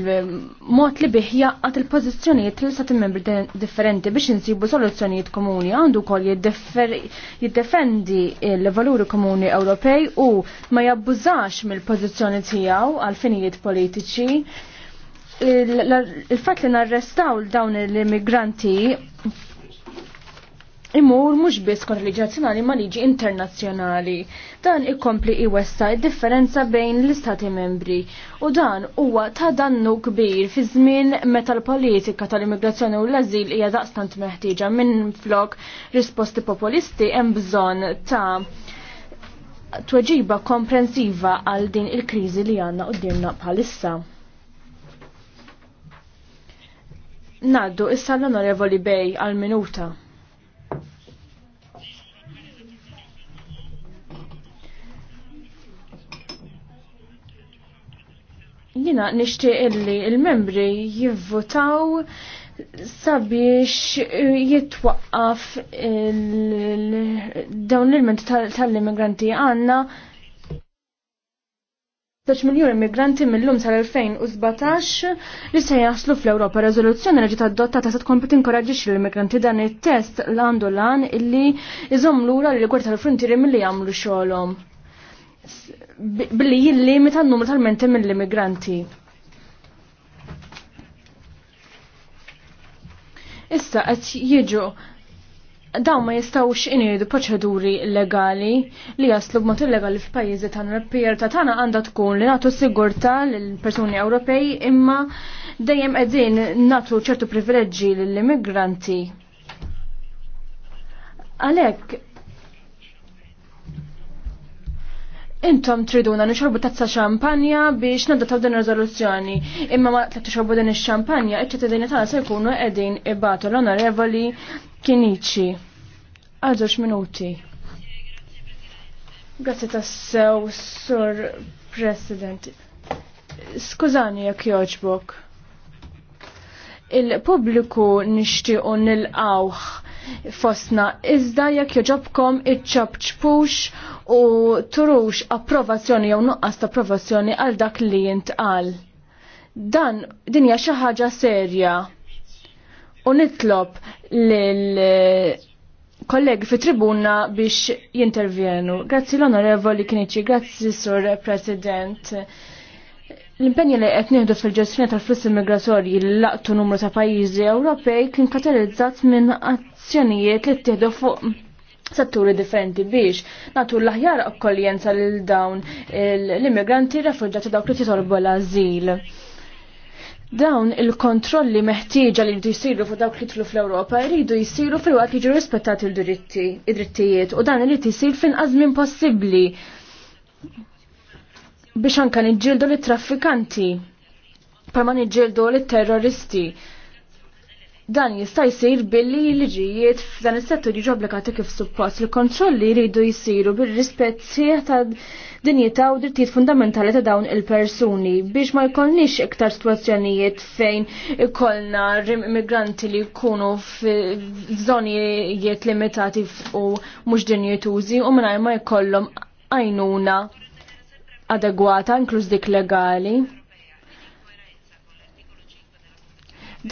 S6: mot mod li bih jaqqat il-pozizjonijiet li sa' membri differenti biex insibu soluzzjonijiet komuni għandu kol jiddefendi il-valuri komuni Ewropej u ma jabbużax mill-pozizjoni tijaw għal finijiet politiċi il-fat li narrestaw dawn l-immigranti imur mhux biss konflitt nazzjonali ma liġi internazzjonali. Dan ikkompli iwessa differenza bejn l-istati membri u dan huwa ta' dannu kbir fi żmien meta l-politika tal-immigrazzjoni u l-azil hija daqstant meħtieġa minn flok risposti populisti hemm bżonn ta' tweġiba komprensiva għal din il-kriżi li għandna qudiemna bħalissa. Naddu, issa l-onorevoli Bej għal-minuta. Jina nishtiq illi il-membri jivvotaw sabiex jitwaqqaf il dawn l-ilment tal-immigranti għanna 16 miljon immigranti mill-lum sal-2017 li se jaslu fl-Ewropa. Rezoluzzjoni li ġiet adottata se tkompli tinkoraġġix l-immigranti dan it-test l-għandu lan illi iżom lura li gwar tal-frontieri milli jagħmlu xogħolhom. Billi jillimita n-numru tal-menti mill-immigranti. Issa qed jiġu dawn ma jistawx inidu proċeduri legali li jaslu b'mod illegali f'pajjiżi tagħna l-pjerta tagħna għandha tkun li nagħtu sigurtà lill-persuni Ewropej imma dejjem qegħdin nagħtu ċertu privileġġi lill-immigranti. Għalhekk intom triduna nixorbu tazza xampanja biex taw din rezoluzzjoni. Imma ma tlaqtu xorbu din ix-xampanja, iċ-ċittadini tagħna se jkunu qegħdin ibatu l-onorevoli Kinici, għadżoċ minuti. Grazie tassew, Sur President. Skużani jekk joġbok. Il-pubbliku nixtiequ nilqawh fosna iżda jekk joġobkom iċċabċpux u turux approvazzjoni jew nuqqas ta' approvazzjoni għal dak li jintqal. Dan dinja xi ħaġa serja u nitlob lil kollegi fi tribuna biex jintervjenu. Grazzi l-onorevoli Kinici, grazzi sur President. L-impenja li qed nieħdu fil-ġestjoni tal-flussi migratorji li laqtu numru ta' pajjiżi Ewropej kien katalizzat minn azzjonijiet li ttieħdu fuq setturi differenti biex natu l-aħjar akkoljenza lil dawn l-immigranti refuġġati dawk li titolbu l-azil. Dawn il-kontrolli meħtieġa li jridu jsiru fuq dawk li tlu fl-Ewropa jridu jsiru fil-waqt jiġu rispettat il diritti id-drittijiet u dan irid isir f'inqas minn possibbli biex anka niġġieldu lit-traffikanti, parma niġġieldu lit-terroristi. Dan jista' jsir billi l-liġijiet f'dan is-settur jiġu obbligati kif suppost. Il-kontrolli jridu jsiru bir-rispett sieħ ta' dinjità u drittijiet fundamentali ta' dawn il-persuni biex ma jkollniex iktar situazzjonijiet fejn ikollna immigranti li jkunu f'żonijiet limitati u mhux jitużi u mingħajr ma jkollhom għajnuna adegwata inkluż dik legali.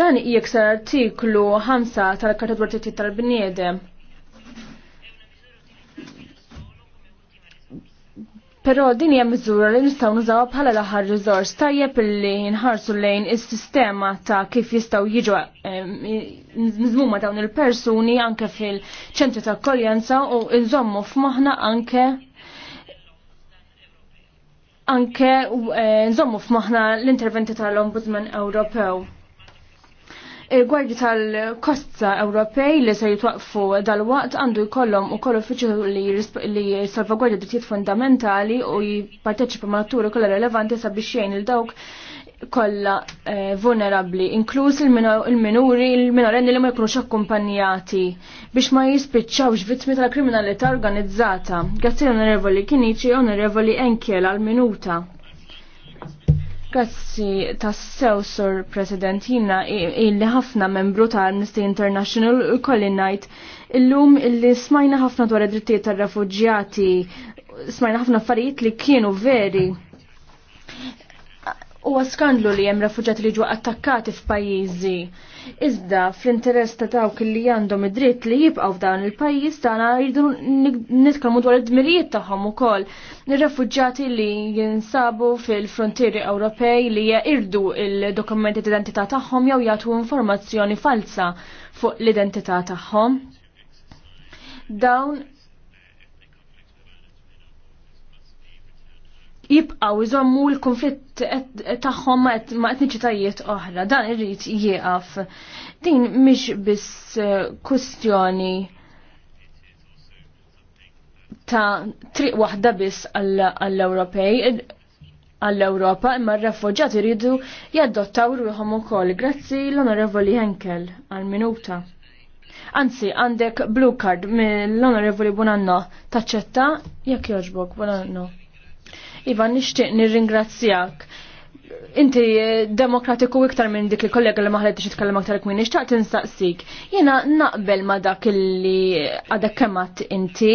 S6: Dan sar artiklu 5 tal-Karta dwar tal-Bniedem Pero din hija miżura li nistgħu nużawha bħala l-aħħar riżors tajjeb illi nħarsu lejn is-sistema ta' kif jistgħu jiġu miżmuma dawn il-persuni anke fil-ċentri ta' kkoljenza u nżommu f'moħħna anke anke eh, nżommu f'moħħna l-interventi tal-Ombudsman Ewropew. Il-Gwardji tal-Kosta Ewropej li se jitwaqfu dal-waqt għandu jkollhom ukoll uffiċċju li salvagwardja drittijiet fundamentali u jipparteċipa matturi kollha relevanti sabiex jgħin il dawk kollha eh, vulnerabbli, inkluż il-minuri, il-minorenni li ma jkunux akkumpanjati biex ma jispiċċawx vittmi tal-kriminalità organizzata. Grazzi onorevoli Kinici, onorevoli Enkel għal-minuta. Grazzi tas-sew, Sur President, jina illi ħafna membru ta' Amnesty International u kollinajt illum illi smajna ħafna dwar id-drittijiet tar-refuġjati, smajna ħafna affarijiet li kienu veri Huwa skandlu li hemm refuġjati li ġu attakkati f'pajjiżi. Iżda fl-interess ta' dawk li għandhom id-dritt li jibqgħu f'dan il-pajjiż tagħna jridu nitkellmu dwar id-dmirijiet tagħhom ukoll. Ir-refuġjati li jinsabu fil-frontieri Ewropej li jirdu il-dokumenti d-identità tagħhom jew jagħtu informazzjoni falsa fuq l-identità tagħhom. Dawn jibqaw iżommu l-konflitt tagħhom ma' etniċitajiet oħra. Dan irrid jieqaf. Din mhix biss eh, kwestjoni ta' triq waħda biss għall-Ewropej, għall-Ewropa, imma r-refugġati rridu jaddottaw ruħom ukoll. Grazzi l-Onorevoli Henkel għal-minuta. Anzi, għandek blue card
S2: mill-Onorevoli
S6: Bonanno. Taċċetta, jekk joġbok, Bonanno. Iva, nixtieq nirringrazzjak. Inti demokratiku iktar minn dik il-kollega li maħlet biex jitkellem aktar kmin, nixtaq instaqsik. Jena naqbel ma dak illi għadek kemmat inti.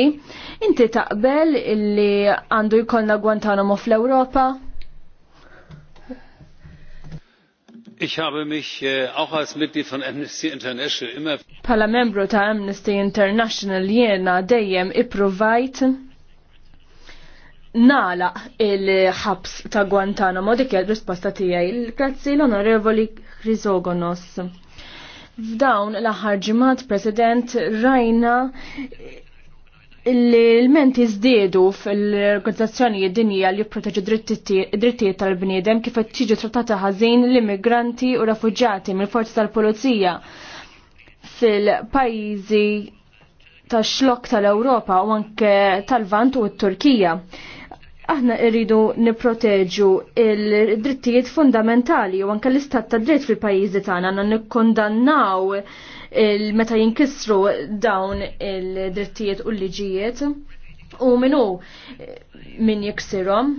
S6: Inti taqbel illi għandu jkollna Guantanamo fl ewropa
S2: Ich habe mich äh, auch als Mitglied von Amnesty International immer
S6: Pala membru ta' Amnesty International jiena dejjem ipprovajt nala il-ħabs ta' Guantanamo dik il-risposta tiegħi. Grazzi l-Onorevoli Krizogonos. F'dawn l-aħħar ġimgħat President rajna l-menti żdiedu fil-organizzazzjoni dinja li jipproteġu drittijiet tal-bniedem kif qed tiġi trattata ħażin l-immigranti u refuġjati mill-forzi tal-pulizija fil-pajjiżi tax-xlok tal-Ewropa u anke tal-Vant u t-Turkija aħna irridu niproteġu il-drittijiet fundamentali u anka l-istat ta' dritt fil-pajjiżi tagħna għandna nikkondannaw meta jinkissru dawn il-drittijiet u l-liġijiet u minu min jiksirhom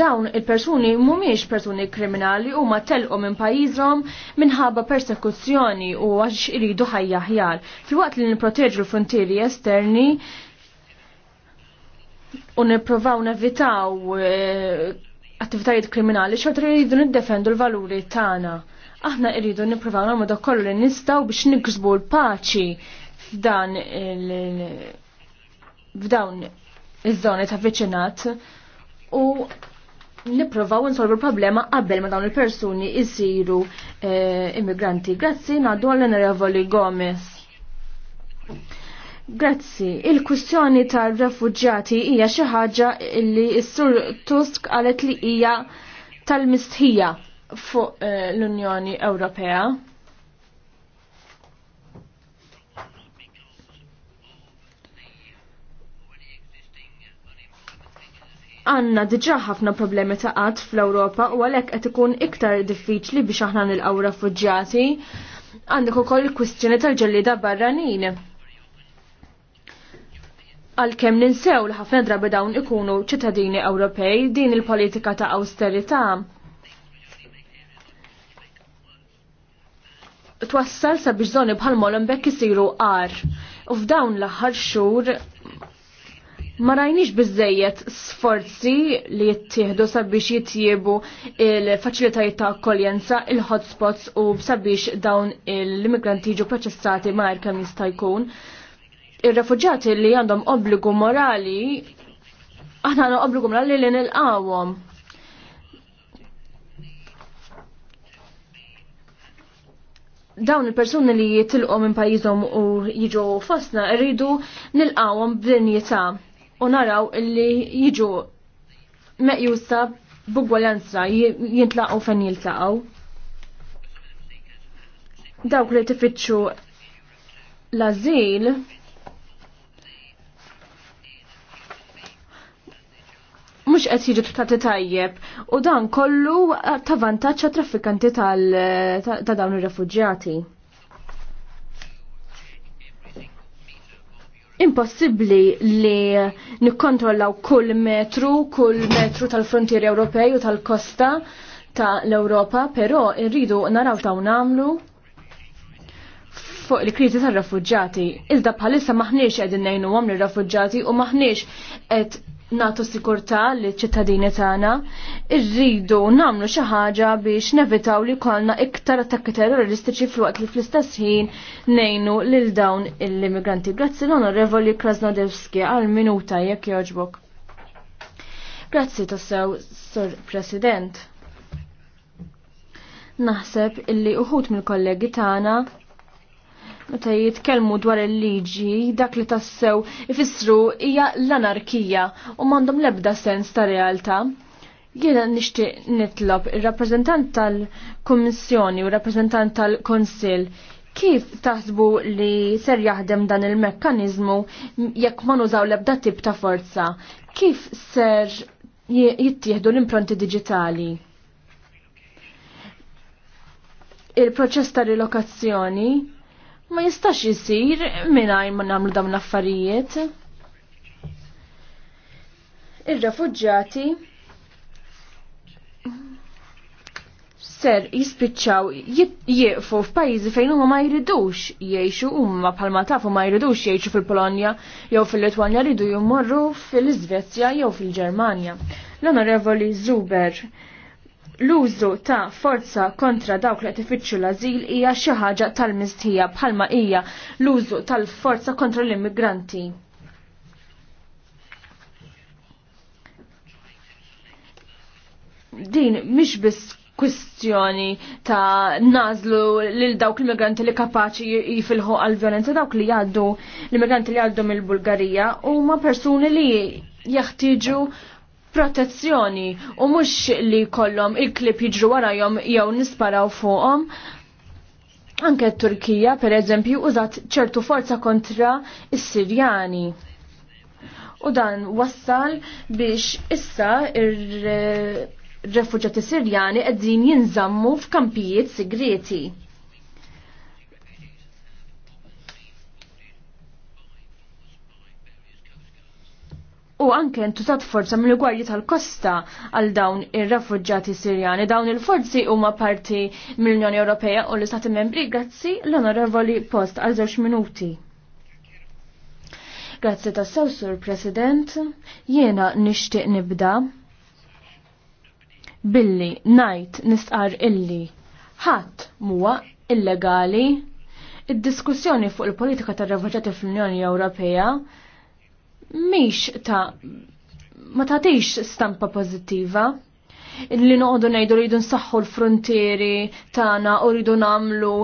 S6: dawn il-persuni mumiex persuni kriminali u ma telqu minn pajizrom minħabba persekuzzjoni u għax iridu ħajja ħjar. Fil-waqt li niproteġu l-frontieri esterni, u nipprovaw nevitaw eh, attivitajiet kriminali xorta rridu niddefendu l-valuri tagħna. Aħna jridu nippruvaw nagħmlu da kollu li nistaw biex nikżbu l-paċi f'dan f'dawn iż-żoni ta' viċinat u nipprovaw nsolvu l-problema qabel ma dawn il-persuni jisiru eh, immigranti. Grazzi, naddu għal-Nerja onorevoli Gomez. Grazzi, il-kwistjoni tal-refugġati hija xi ħaġa li s-sur Tusk qalet li hija tal-mistħija fuq eh, l-Unjoni Ewropea. għanna diġa ħafna problemi ta' qatt fl-Ewropa u għalhekk qed ikun iktar diffiċli biex aħna nilqgħu refuġġjati Għandek ukoll il-kwistjoni tal-ġellida barranin. Għalkemm ninsew li ħafna drabi dawn ikunu ċittadini Ewropej din il-politika ta' austerità twassal sabiex żoni bħal bekk isiru għar. U f'dawn l-aħħar xhur ma rajniex biżejjed sforzi li jittieħdu sabiex jittiebu il-faċilitajiet ta' akkoljenza, il-hotspots u sabiex dawn l-immigranti ġu proċessati ma' jista' jkun ir refugġati li għandhom obbligu morali aħna għandhom obbligu morali li nilqawhom. Dawn il-persuni li jitilqom minn pajjiżhom u jiġu fostna rridu nilqawhom b'dinjità u naraw li jiġu meqjusa b'ugwalanza jintlaqgħu fejn jiltaqgħu. Dawk li tifittxu l-azil mhux qed jiġu ta' tajjeb u dan kollu ta' vantaġġ traffikanti ta' dawn ir-refuġjati. impossibbli li nikkontrollaw kull metru, kull metru tal frontier Ewropej u tal-kosta ta' l-Ewropa, però irridu naraw ta' namlu fuq il-krizi tal-refugġati. Iżda bħalissa maħniex qegħdin nejnu għom l refugġati u maħniex qed natu sikurta li ċittadini tagħna, irridu namlu xi ħaġa biex nevitaw li kolna iktar attakki terroristiċi fl-waqt li fl-istess ħin nejnu lil dawn l-immigranti. Grazzi l-Onorevoli Krasnodewski għal minuta jekk joġbok. Grazzi tassew, Sur President. Naħseb illi uħut mill-kollegi tagħna meta jitkellmu dwar il-liġi, dak li tassew ifissru hija l-anarkija u m'għandhom l-ebda sens ta' realtà. Jiena nixtieq nitlob ir-rappreżentant tal-Kummissjoni u rappreżentant tal-Konsill kif taħsbu li ser jaħdem dan il-mekkaniżmu jekk ma nużaw l-ebda tip ta' forza? Kif ser jittieħdu l-impronti diġitali? Il-proċess ta' rilokazzjoni ma jistax jisir minnaj ma nagħmlu dawn l-affarijiet. ir ser jispiċċaw jieqfu f'pajjiżi fejn huma ma jridux jgħixu huma bħalma tafu ma jridux jgħixu fil-Polonja jew fil-Litwanja ridu jmorru fil-Iżvezja jew fil-Ġermanja. L-Onorevoli Zuber L-użu ta' forza kontra dawk li tifittxu l-azil hija xi ħaġa tal-mistħija bħalma hija l-użu tal-forza kontra l-immigranti. Din mhix biss kwistjoni ta' nazlu lil dawk l-immigranti li kapaċi jifilħu għal-violenza dawk li jgħaddu l-immigranti li jgħaddu mill-Bulgarija u ma' persuni li jeħtieġu protezzjoni u mhux li kollom il klip jiġru warajhom jew nisparaw fuqhom. Anke t-Turkija, per eżempju, użat ċertu forza kontra is-Sirjani. U dan wassal biex issa ir-refuġati Sirjani qegħdin jinżammu f'kampijiet segreti. u anke tat forza mill gwarji tal-kosta għal dawn ir-refuġġati Sirjani. Dawn il-forzi huma parti mill-Unjoni Ewropea u l-Istati Membri grazzi l-Onorevoli Post għal żewġ minuti. Grazzi sew, Sur President, jiena nixtieq nibda billi najt nistqar illi ħadd muwa illegali id-diskussjoni fuq il-politika tar-refuġġati fl-Unjoni Ewropea miex ta' ma tagħtix stampa pożittiva li noqogħdu ngħidu rridu nsaħħu l-frontieri tagħna u rridu nagħmlu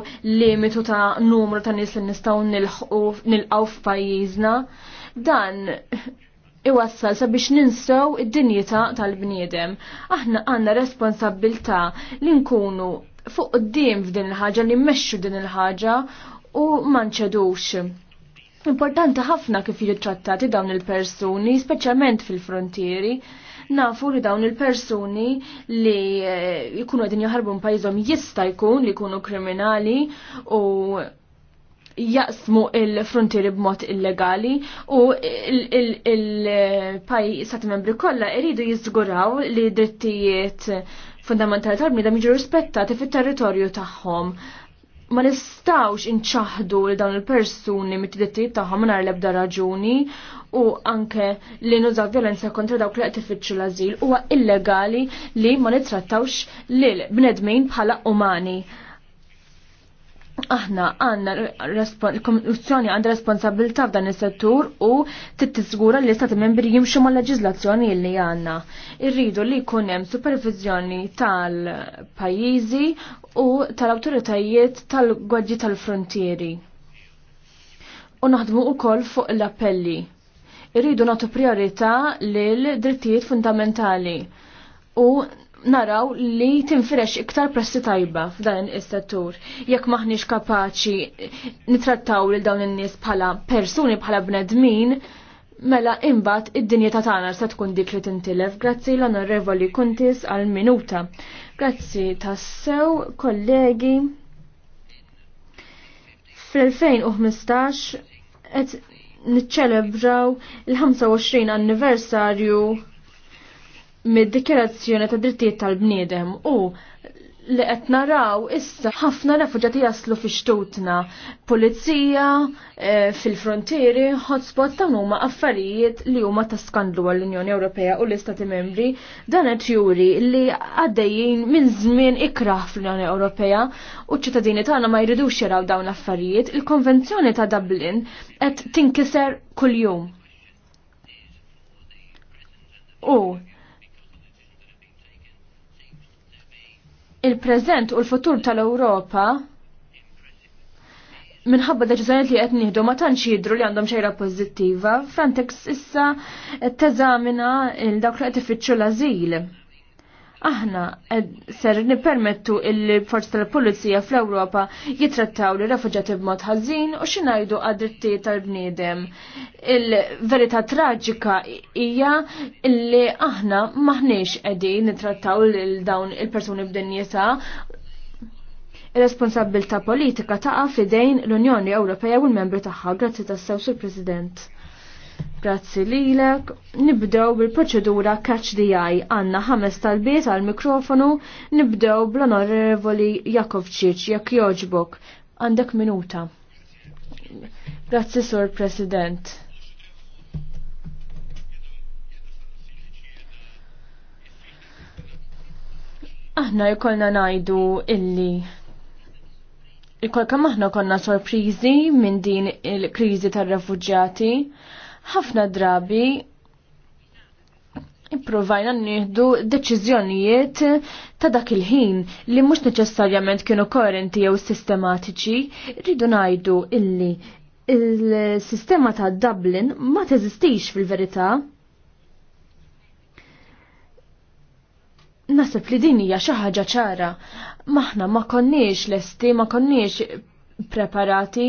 S6: limitu ta' numru ta' nies li nistgħu nilqgħu f'pajjiżna. Dan iwassal sabiex ninsew id-dinjità tal-bniedem. Aħna għandna responsabilità li nkunu fuq qudiem f'din il-ħaġa li mmexxu din il-ħaġa u ma nċedux. Importanti ħafna kif jittrattati dawn il-persuni, speċjalment fil-frontieri. Nafu li dawn il-persuni li eh, jkunu għedin jaħarbu pajzom jista jkun li jkunu kriminali u jaqsmu il-frontieri b'mod illegali u il paj il, membri kollha iridu jizguraw li drittijiet fundamentali tal-bnidem jiġu rispettati fit-territorju tagħhom ma nistawx inċaħdu li dawn il-persuni mit-tidettijiet tagħhom mingħajr l-ebda raġuni u anke li nużaw violenza kontra dawk li qed ifittxu l azil huwa illegali li ma nittrattawx lil bnedmin bħala umani. Aħna għanna l kommissjoni għandha responsabilità f'dan is-settur u tittisgura li stati membri jimxu mal-leġiżlazzjoni li għandna. Irridu li jkun hemm supervizjoni tal-pajjiżi u tal-awtoritajiet tal-gwaġġi tal-frontieri. U naħdmu ukoll fuq l-appelli. Irridu nagħtu priorità lil drittijiet fundamentali u naraw li tinfirex iktar pressi tajba f'dan is-settur. Jekk maħniex kapaċi nitrattaw lil dawn in-nies bħala persuni bħala bnedmin, Mela imbagħad id-dinja ta' tagħna se tkun dik li tintilef. Grazzi l-Onorevoli Kuntis għal minuta. Grazzi tassew, kollegi. Fl-2015 qed niċċelebraw il-25 anniversarju mid-dikjerazzjoni ta' drittijiet tal-bniedem u li qed naraw issa ħafna refuġati jaslu fi xtutna, pulizija, eh, fil-frontieri, hotspot dawn huma affarijiet li huma ta' skandlu għall-Unjoni Ewropea u l-Istati Membri dan qed juri li għaddejjin minn żmien ikraħ fl-Unjoni Ewropea u ċ-ċittadini tagħna ma jridux jaraw dawn affarijiet, il-Konvenzjoni ta' Dublin qed tinkiser kuljum. U il-preżent u l-futur tal-Ewropa minħabba deċiżjonijiet li qed nieħdu ma tantx jidru li għandhom xejra pożittiva, Frontex issa teżamina il dawk li qed ifittxu l-ażil aħna ser nipermettu illi forzi tal-Pulizija fl-Ewropa jitrattaw li refuġati b'mod ħażin u xinajdu għad-dritti tal-bniedem. Il-verità traġika hija illi aħna maħniex qegħdin nitrattaw lil dawn il-persuni b'dinjità. Ir-responsabilta politika taqa' fidejn l-Unjoni Ewropea u l-membri tagħha grazzi tassew sur President. Grazzi lilek. Nibdew bil-proċedura catch the eye. Għanna ħames talbiet għal mikrofonu. Nibdew bl-onorevoli Jakovčić, jekk joġbok. Għandek minuta. Grazzi, Sur President. Aħna jkollna najdu illi Ikol kam konna sorprizi minn din il-krizi tal-refugġati ħafna drabi Improvajna nieħdu deċiżjonijiet ta' dak il-ħin li mhux neċessarjament kienu koerenti jew sistematiċi, rridu ngħidu illi il-sistema ta' Dublin ma teżistix fil-verità. Nasib li din hija xi ħaġa ċara. Maħna ma konniex lesti, ma konniex preparati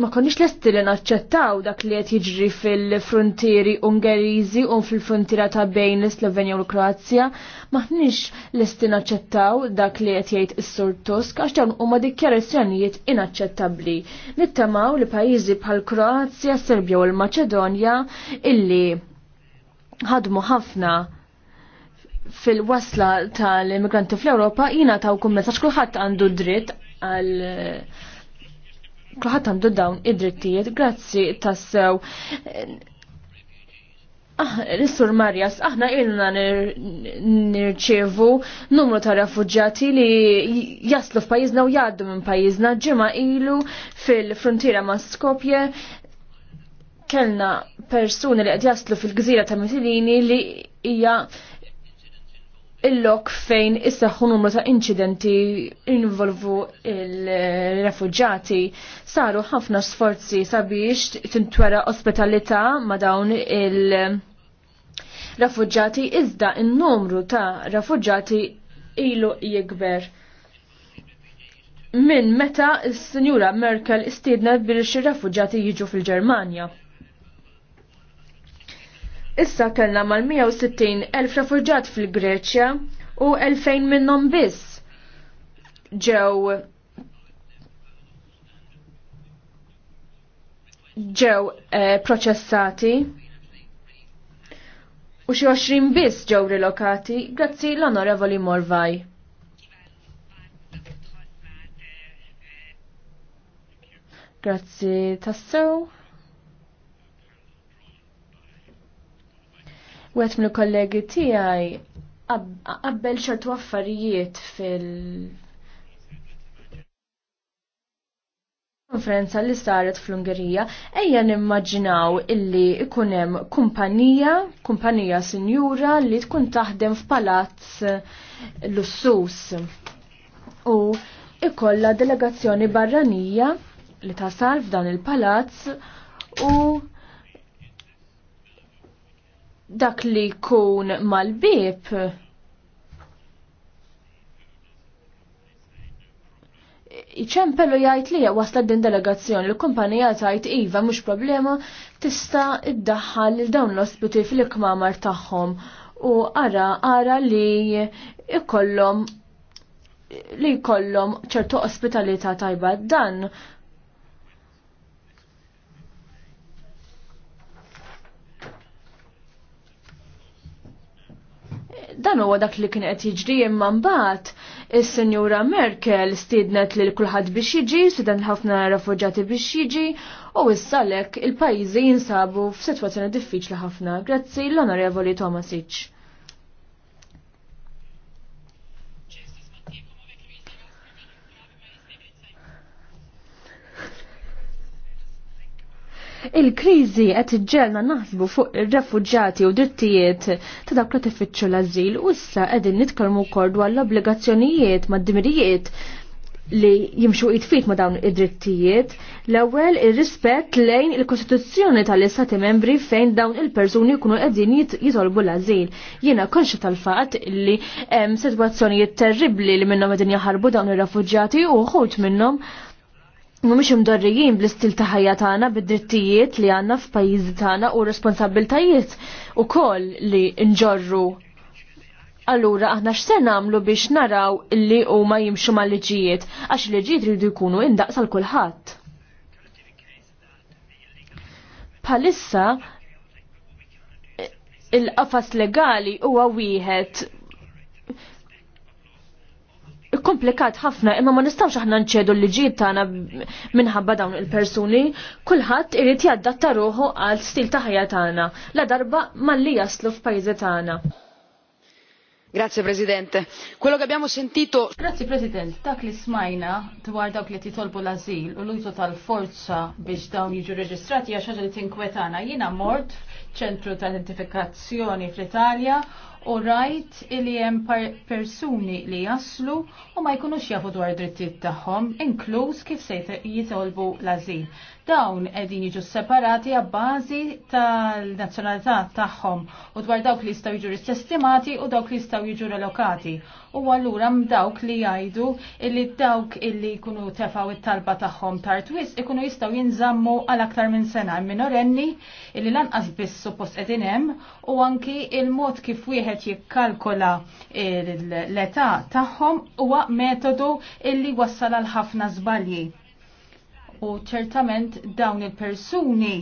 S6: ma konniex l-estilin naċċettaw dak li qed jiġri fil-frontieri Ungeriżi u fil-frontiera ta' bejn l-Slovenja u l-Kroazja, maħniex lesti naċċettaw dak li qed jgħid is-Sur Tusk għax dawn huma dikjarazzjonijiet inaċċettabbli. Nittamaw li pajjiżi bħal Kroazja, Serbja u l-Maċedonja illi ħadmu ħafna fil-wasla tal-immigranti fl-Ewropa jina taw kummessax kulħadd għandu dritt għal Kluħat għandu dawn id-drittijiet. Grazzi tassew. Ah, Sur Marjas, aħna ilna nirċevu numru ta' refugġati li jaslu f'pajjiżna u jgħaddu minn pajjiżna ġimgħa ilu fil-frontiera ma' Skopje kellna persuni li qed jaslu fil-gżira ta' Mitilini li hija il-lok fejn isseħħu numru ta' incidenti involvu il-refugġati. Saru ħafna sforzi sabiex tintwera ospitalità ma' dawn il- refugġati iżda il numru ta' refugġati ilu jikber. Min meta s-Sinjura Merkel istidna biex ir refugġati jiġu fil-Ġermanja. Issa kellna mal-160 elf refuġat fil-Greċja u 2000 minnhom biss ġew ġew eh, proċessati u xi 20 biss ġew rilokati grazzi l-Onorevoli Morvaj. Grazzi tassew. U għet minn kollegi għaj, għabbel ċertu affarijiet fil- konferenza li saret fl-Ungerija, ejja nimmaġinaw illi ikunem kumpanija, kumpanija sinjura li tkun taħdem f'palazz lussus. U ikolla delegazzjoni barranija li tasal f'dan il-palazz u dak li jkun mal-bib iċempellu jgħid li wasla din delegazzjoni li kumpanija tajt iva mhux problema tista' iddaħħal lil dawn l-ospiti fil kmamar tagħhom u ara ara li ikollom li jkollhom ċertu ospitalità tajba dan Dan huwa dak li kien qed jiġri imma mbagħad is-Sinjura Merkel stiednet lil kulħadd biex jiġi, stiednet ħafna refuġjati biex jiġi u issalek il-pajjiżi jinsabu f'sitwazzjoni diffiċli ħafna. Grazzi l-Onorevoli Tomasic. Il-kriżi qed iġġelna naħsbu fuq ir-refuġġati u drittijiet ta' dawk li tifittxu l-ażil u issa qegħdin nitkellmu wkoll dwar l-obbligazzjonijiet mad-dmirijiet li jimxu jitfit ma' dawn id-drittijiet, l-ewwel ir-rispett lejn il-Kostituzzjoni tal-Istati Membri fejn dawn il-persuni jkunu qegħdin jitolbu l-ażil. Jiena konxi tal-fatt li hemm sitwazzjonijiet terribbli li minnhom qegħdin jaħarbu dawn ir-refuġjati u ħut minnhom mhumiex imdorrijin bl-istil ta' ħajja tagħna bid-drittijiet li għandna f'pajjiżi tagħna u responsabiltajiet ukoll li nġorru. Allura aħna x'ser nagħmlu biex naraw li huma jimxu mal-liġijiet għax il-liġijiet ridu jkunu indaqs għal kulħadd. Palissa il-qafas legali huwa wieħed komplikat ħafna imma ma nistgħux aħna nċedu l-liġijiet tagħna minħabba dawn il-persuni, kulħadd irid jaddatta ruħu għal stil ta' ħajja tagħna la darba malli jaslu f'pajjiżi tagħna.
S5: Grazie Presidente. Quello che abbiamo sentito... Grazie Presidente. Dak li smajna dwar dawk li titolbu l-azil u l-użu tal-forza biex dawn jiġu reġistrati għax ħaġa li tinkwetana. Jiena mort ċentru tal-identifikazzjoni fl-Italja u rajt illi hemm persuni li jaslu u ma jkunux jafu dwar drittijiet tagħhom, inkluż kif se jitolbu l-azil dawn qegħdin jiġu separati għabbażi tal-nazzjonalità tagħhom u dwar dawk li jistgħu jiġu ristestimati u dawk li jistgħu jiġu relokati. U allura dawk li jgħidu illi dawk illi jkunu tefaw it-talba tagħhom tar twis ikunu jistgħu jinżammu għal aktar minn sena minorenni illi lanqas biss suppost qegħdin hemm u anki il-mod kif wieħed jikkalkola l-età tagħhom huwa metodu illi wassal għal ħafna żbalji u ċertament dawn il-persuni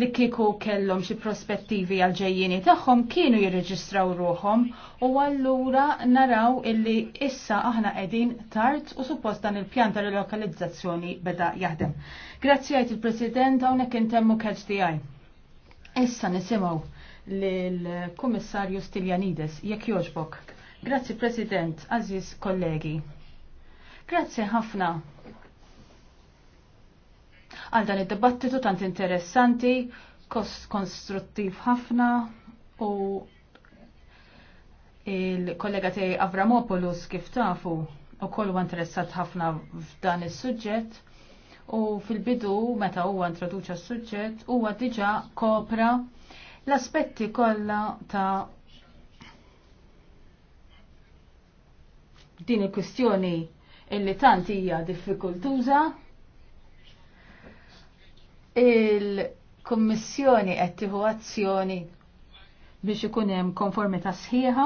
S5: li kiku kellhom xi prospettivi għal-ġejjini tagħhom kienu jirreġistraw ruħhom u allura naraw illi issa aħna qegħdin tard u suppost dan il-pjan ta' rilokalizzazzjoni beda jaħdem. Grazzi għajt il-President hawnhekk intemmu catch Issa nisimgħu lill-Kummissarju Stiljanides jekk jogħġbok. Grazzi President, Aziz kollegi. Grazzi ħafna għal dan id-dibattitu tant interessanti, konstruttiv ħafna u il-kollega te Avramopoulos kif tafu u kollu interessat ħafna f'dan is-suġġett u fil-bidu meta huwa introduċa s-suġġett huwa diġà kopra l-aspetti kollha ta' din il-kwistjoni illi tant hija diffikultuża il-Kommissjoni qed tieħu azzjoni biex ikun hemm konformità sħiħa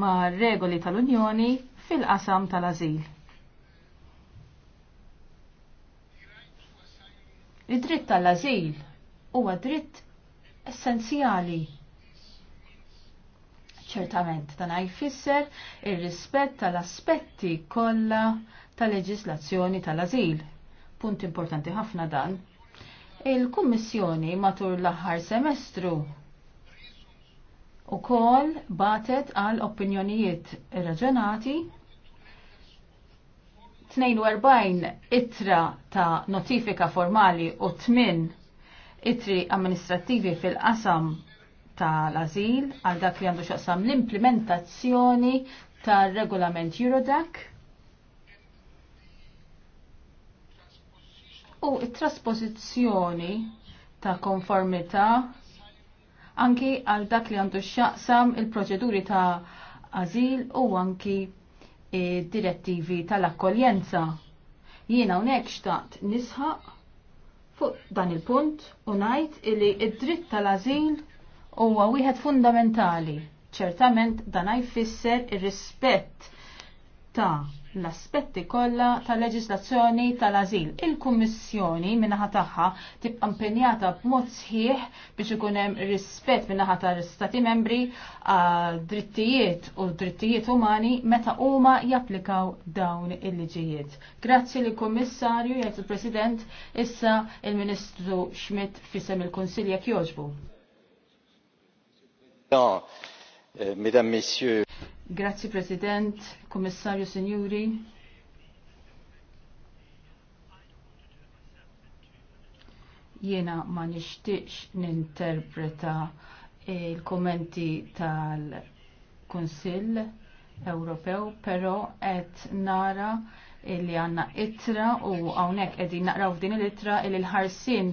S5: ma' regoli tal-Unjoni fil-qasam tal-azil. Id-dritt tal-azil huwa dritt essenzjali. Ċertament dan jfisser ir-rispett tal-aspetti kollha tal-leġislazzjoni tal-azil punt importanti ħafna dan. Il-Kummissjoni matur l-aħħar semestru u kol batet għal opinjonijiet raġonati 42 itra ta' notifika formali u 8 itri amministrativi fil-qasam tal-azil għal dak li għandu xaqsam l-implementazzjoni tal-regolament Eurodac u it-trasposizjoni ta' konformità anki għal dak li għandu xaqsam il-proċeduri ta' azil u anki direttivi tal-akkoljenza. Jiena unek xtaqt nisħaq fuq dan il-punt u najt illi id-dritt tal-azil huwa wieħed fundamentali. Ċertament dan jfisser ir-rispett ta' l-aspetti kollha tal-leġislazzjoni tal-azil. Il-Kummissjoni minnaħa tagħha tibqa' impenjata b'mod sħiħ biex ikun hemm rispett minnaħa tal-Stati membri għad drittijiet u drittijiet umani meta huma japplikaw dawn il-liġijiet. Grazzi li kummissarju jgħid il-President issa il-Ministru Schmidt fisem il-Kunsilja jogħġbu.
S2: Eh, mesdames, Messieurs,
S5: Grazzi President, Commissario Signori. Jiena ma nixtiex ninterpreta il-kommenti tal-Kunsill Ewropew, però qed nara li għanna itra u hawnhekk edin naqraw din l-itra il-ħarsin il ħarsin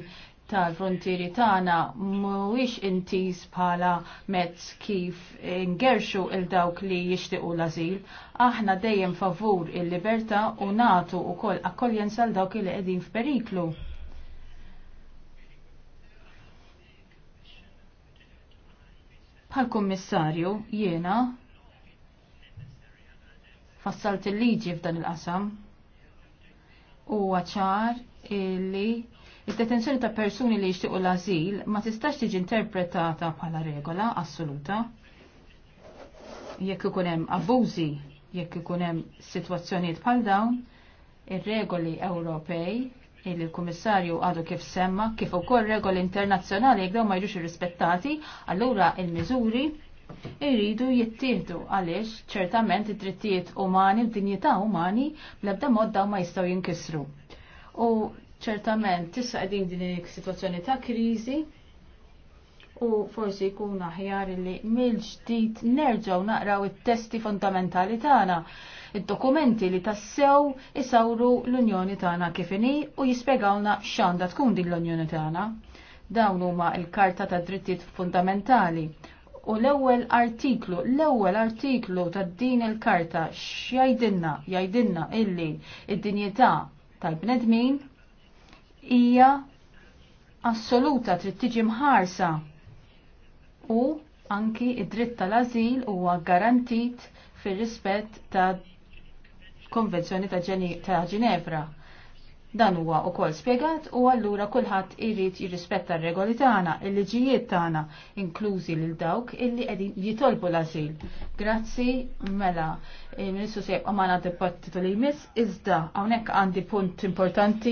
S5: tal-frontieri tagħna mhuwiex intis bħala mezz kif ingerxu il dawk li jixtiequ l-ażil, aħna dejjem favur il-libertà u natu wkoll akkoljenza għal dawk li qegħdin f'periklu. Bħal kummissarju jiena fassalt il-liġi f'dan il-qasam u għaċar illi Id-detenzjoni ta' persuni li jixtiequ l-azil ma tistax tiġi interpretata bħala regola assoluta. Jekk ikun hemm abbużi, jekk ikun hemm sitwazzjonijiet bħal dawn, ir-regoli Ewropej il l-Kummissarju għadu kif semma, kif ukoll regoli internazzjonali jekk dawn ma jiġux irrispettati, allura il-miżuri irridu jittieħdu għaliex ċertament id-drittijiet umani id dinjità umani bl-ebda mod dawn ma jistgħu jinkisru. U ċertament tista' qegħdin din situazzjoni ta' kriżi u forsi jkun aħjar li mill-ġdid nerġgħu naqraw it-testi fondamentali tagħna id-dokumenti li tassew isawru l-Unjoni tagħna kif inhi u jispjegawna x'għandha tkun din l-Unjoni tagħna. Dawn huma l-Karta ta' Drittijiet Fundamentali u l-ewwel artiklu, l-ewwel artiklu ta' din il-karta x'jgħidilna jgħidilna illi id-dinjità tal-bnedmin hija assoluta trid tiġi mħarsa u anki id-dritt tal-azil huwa garantit fir-rispett ta' konvenzjoni ta' Ġinevra. Dan huwa wkoll spjegat u allura kulħadd irid jirrispetta r-regoli tagħna, il-liġijiet tagħna, inklużi lil dawk illi qegħdin jitolbu l-ażil. Grazzi mela, il-Ministru sejb għamana dibattitu li jmiss, iżda hawnhekk għandi punt importanti.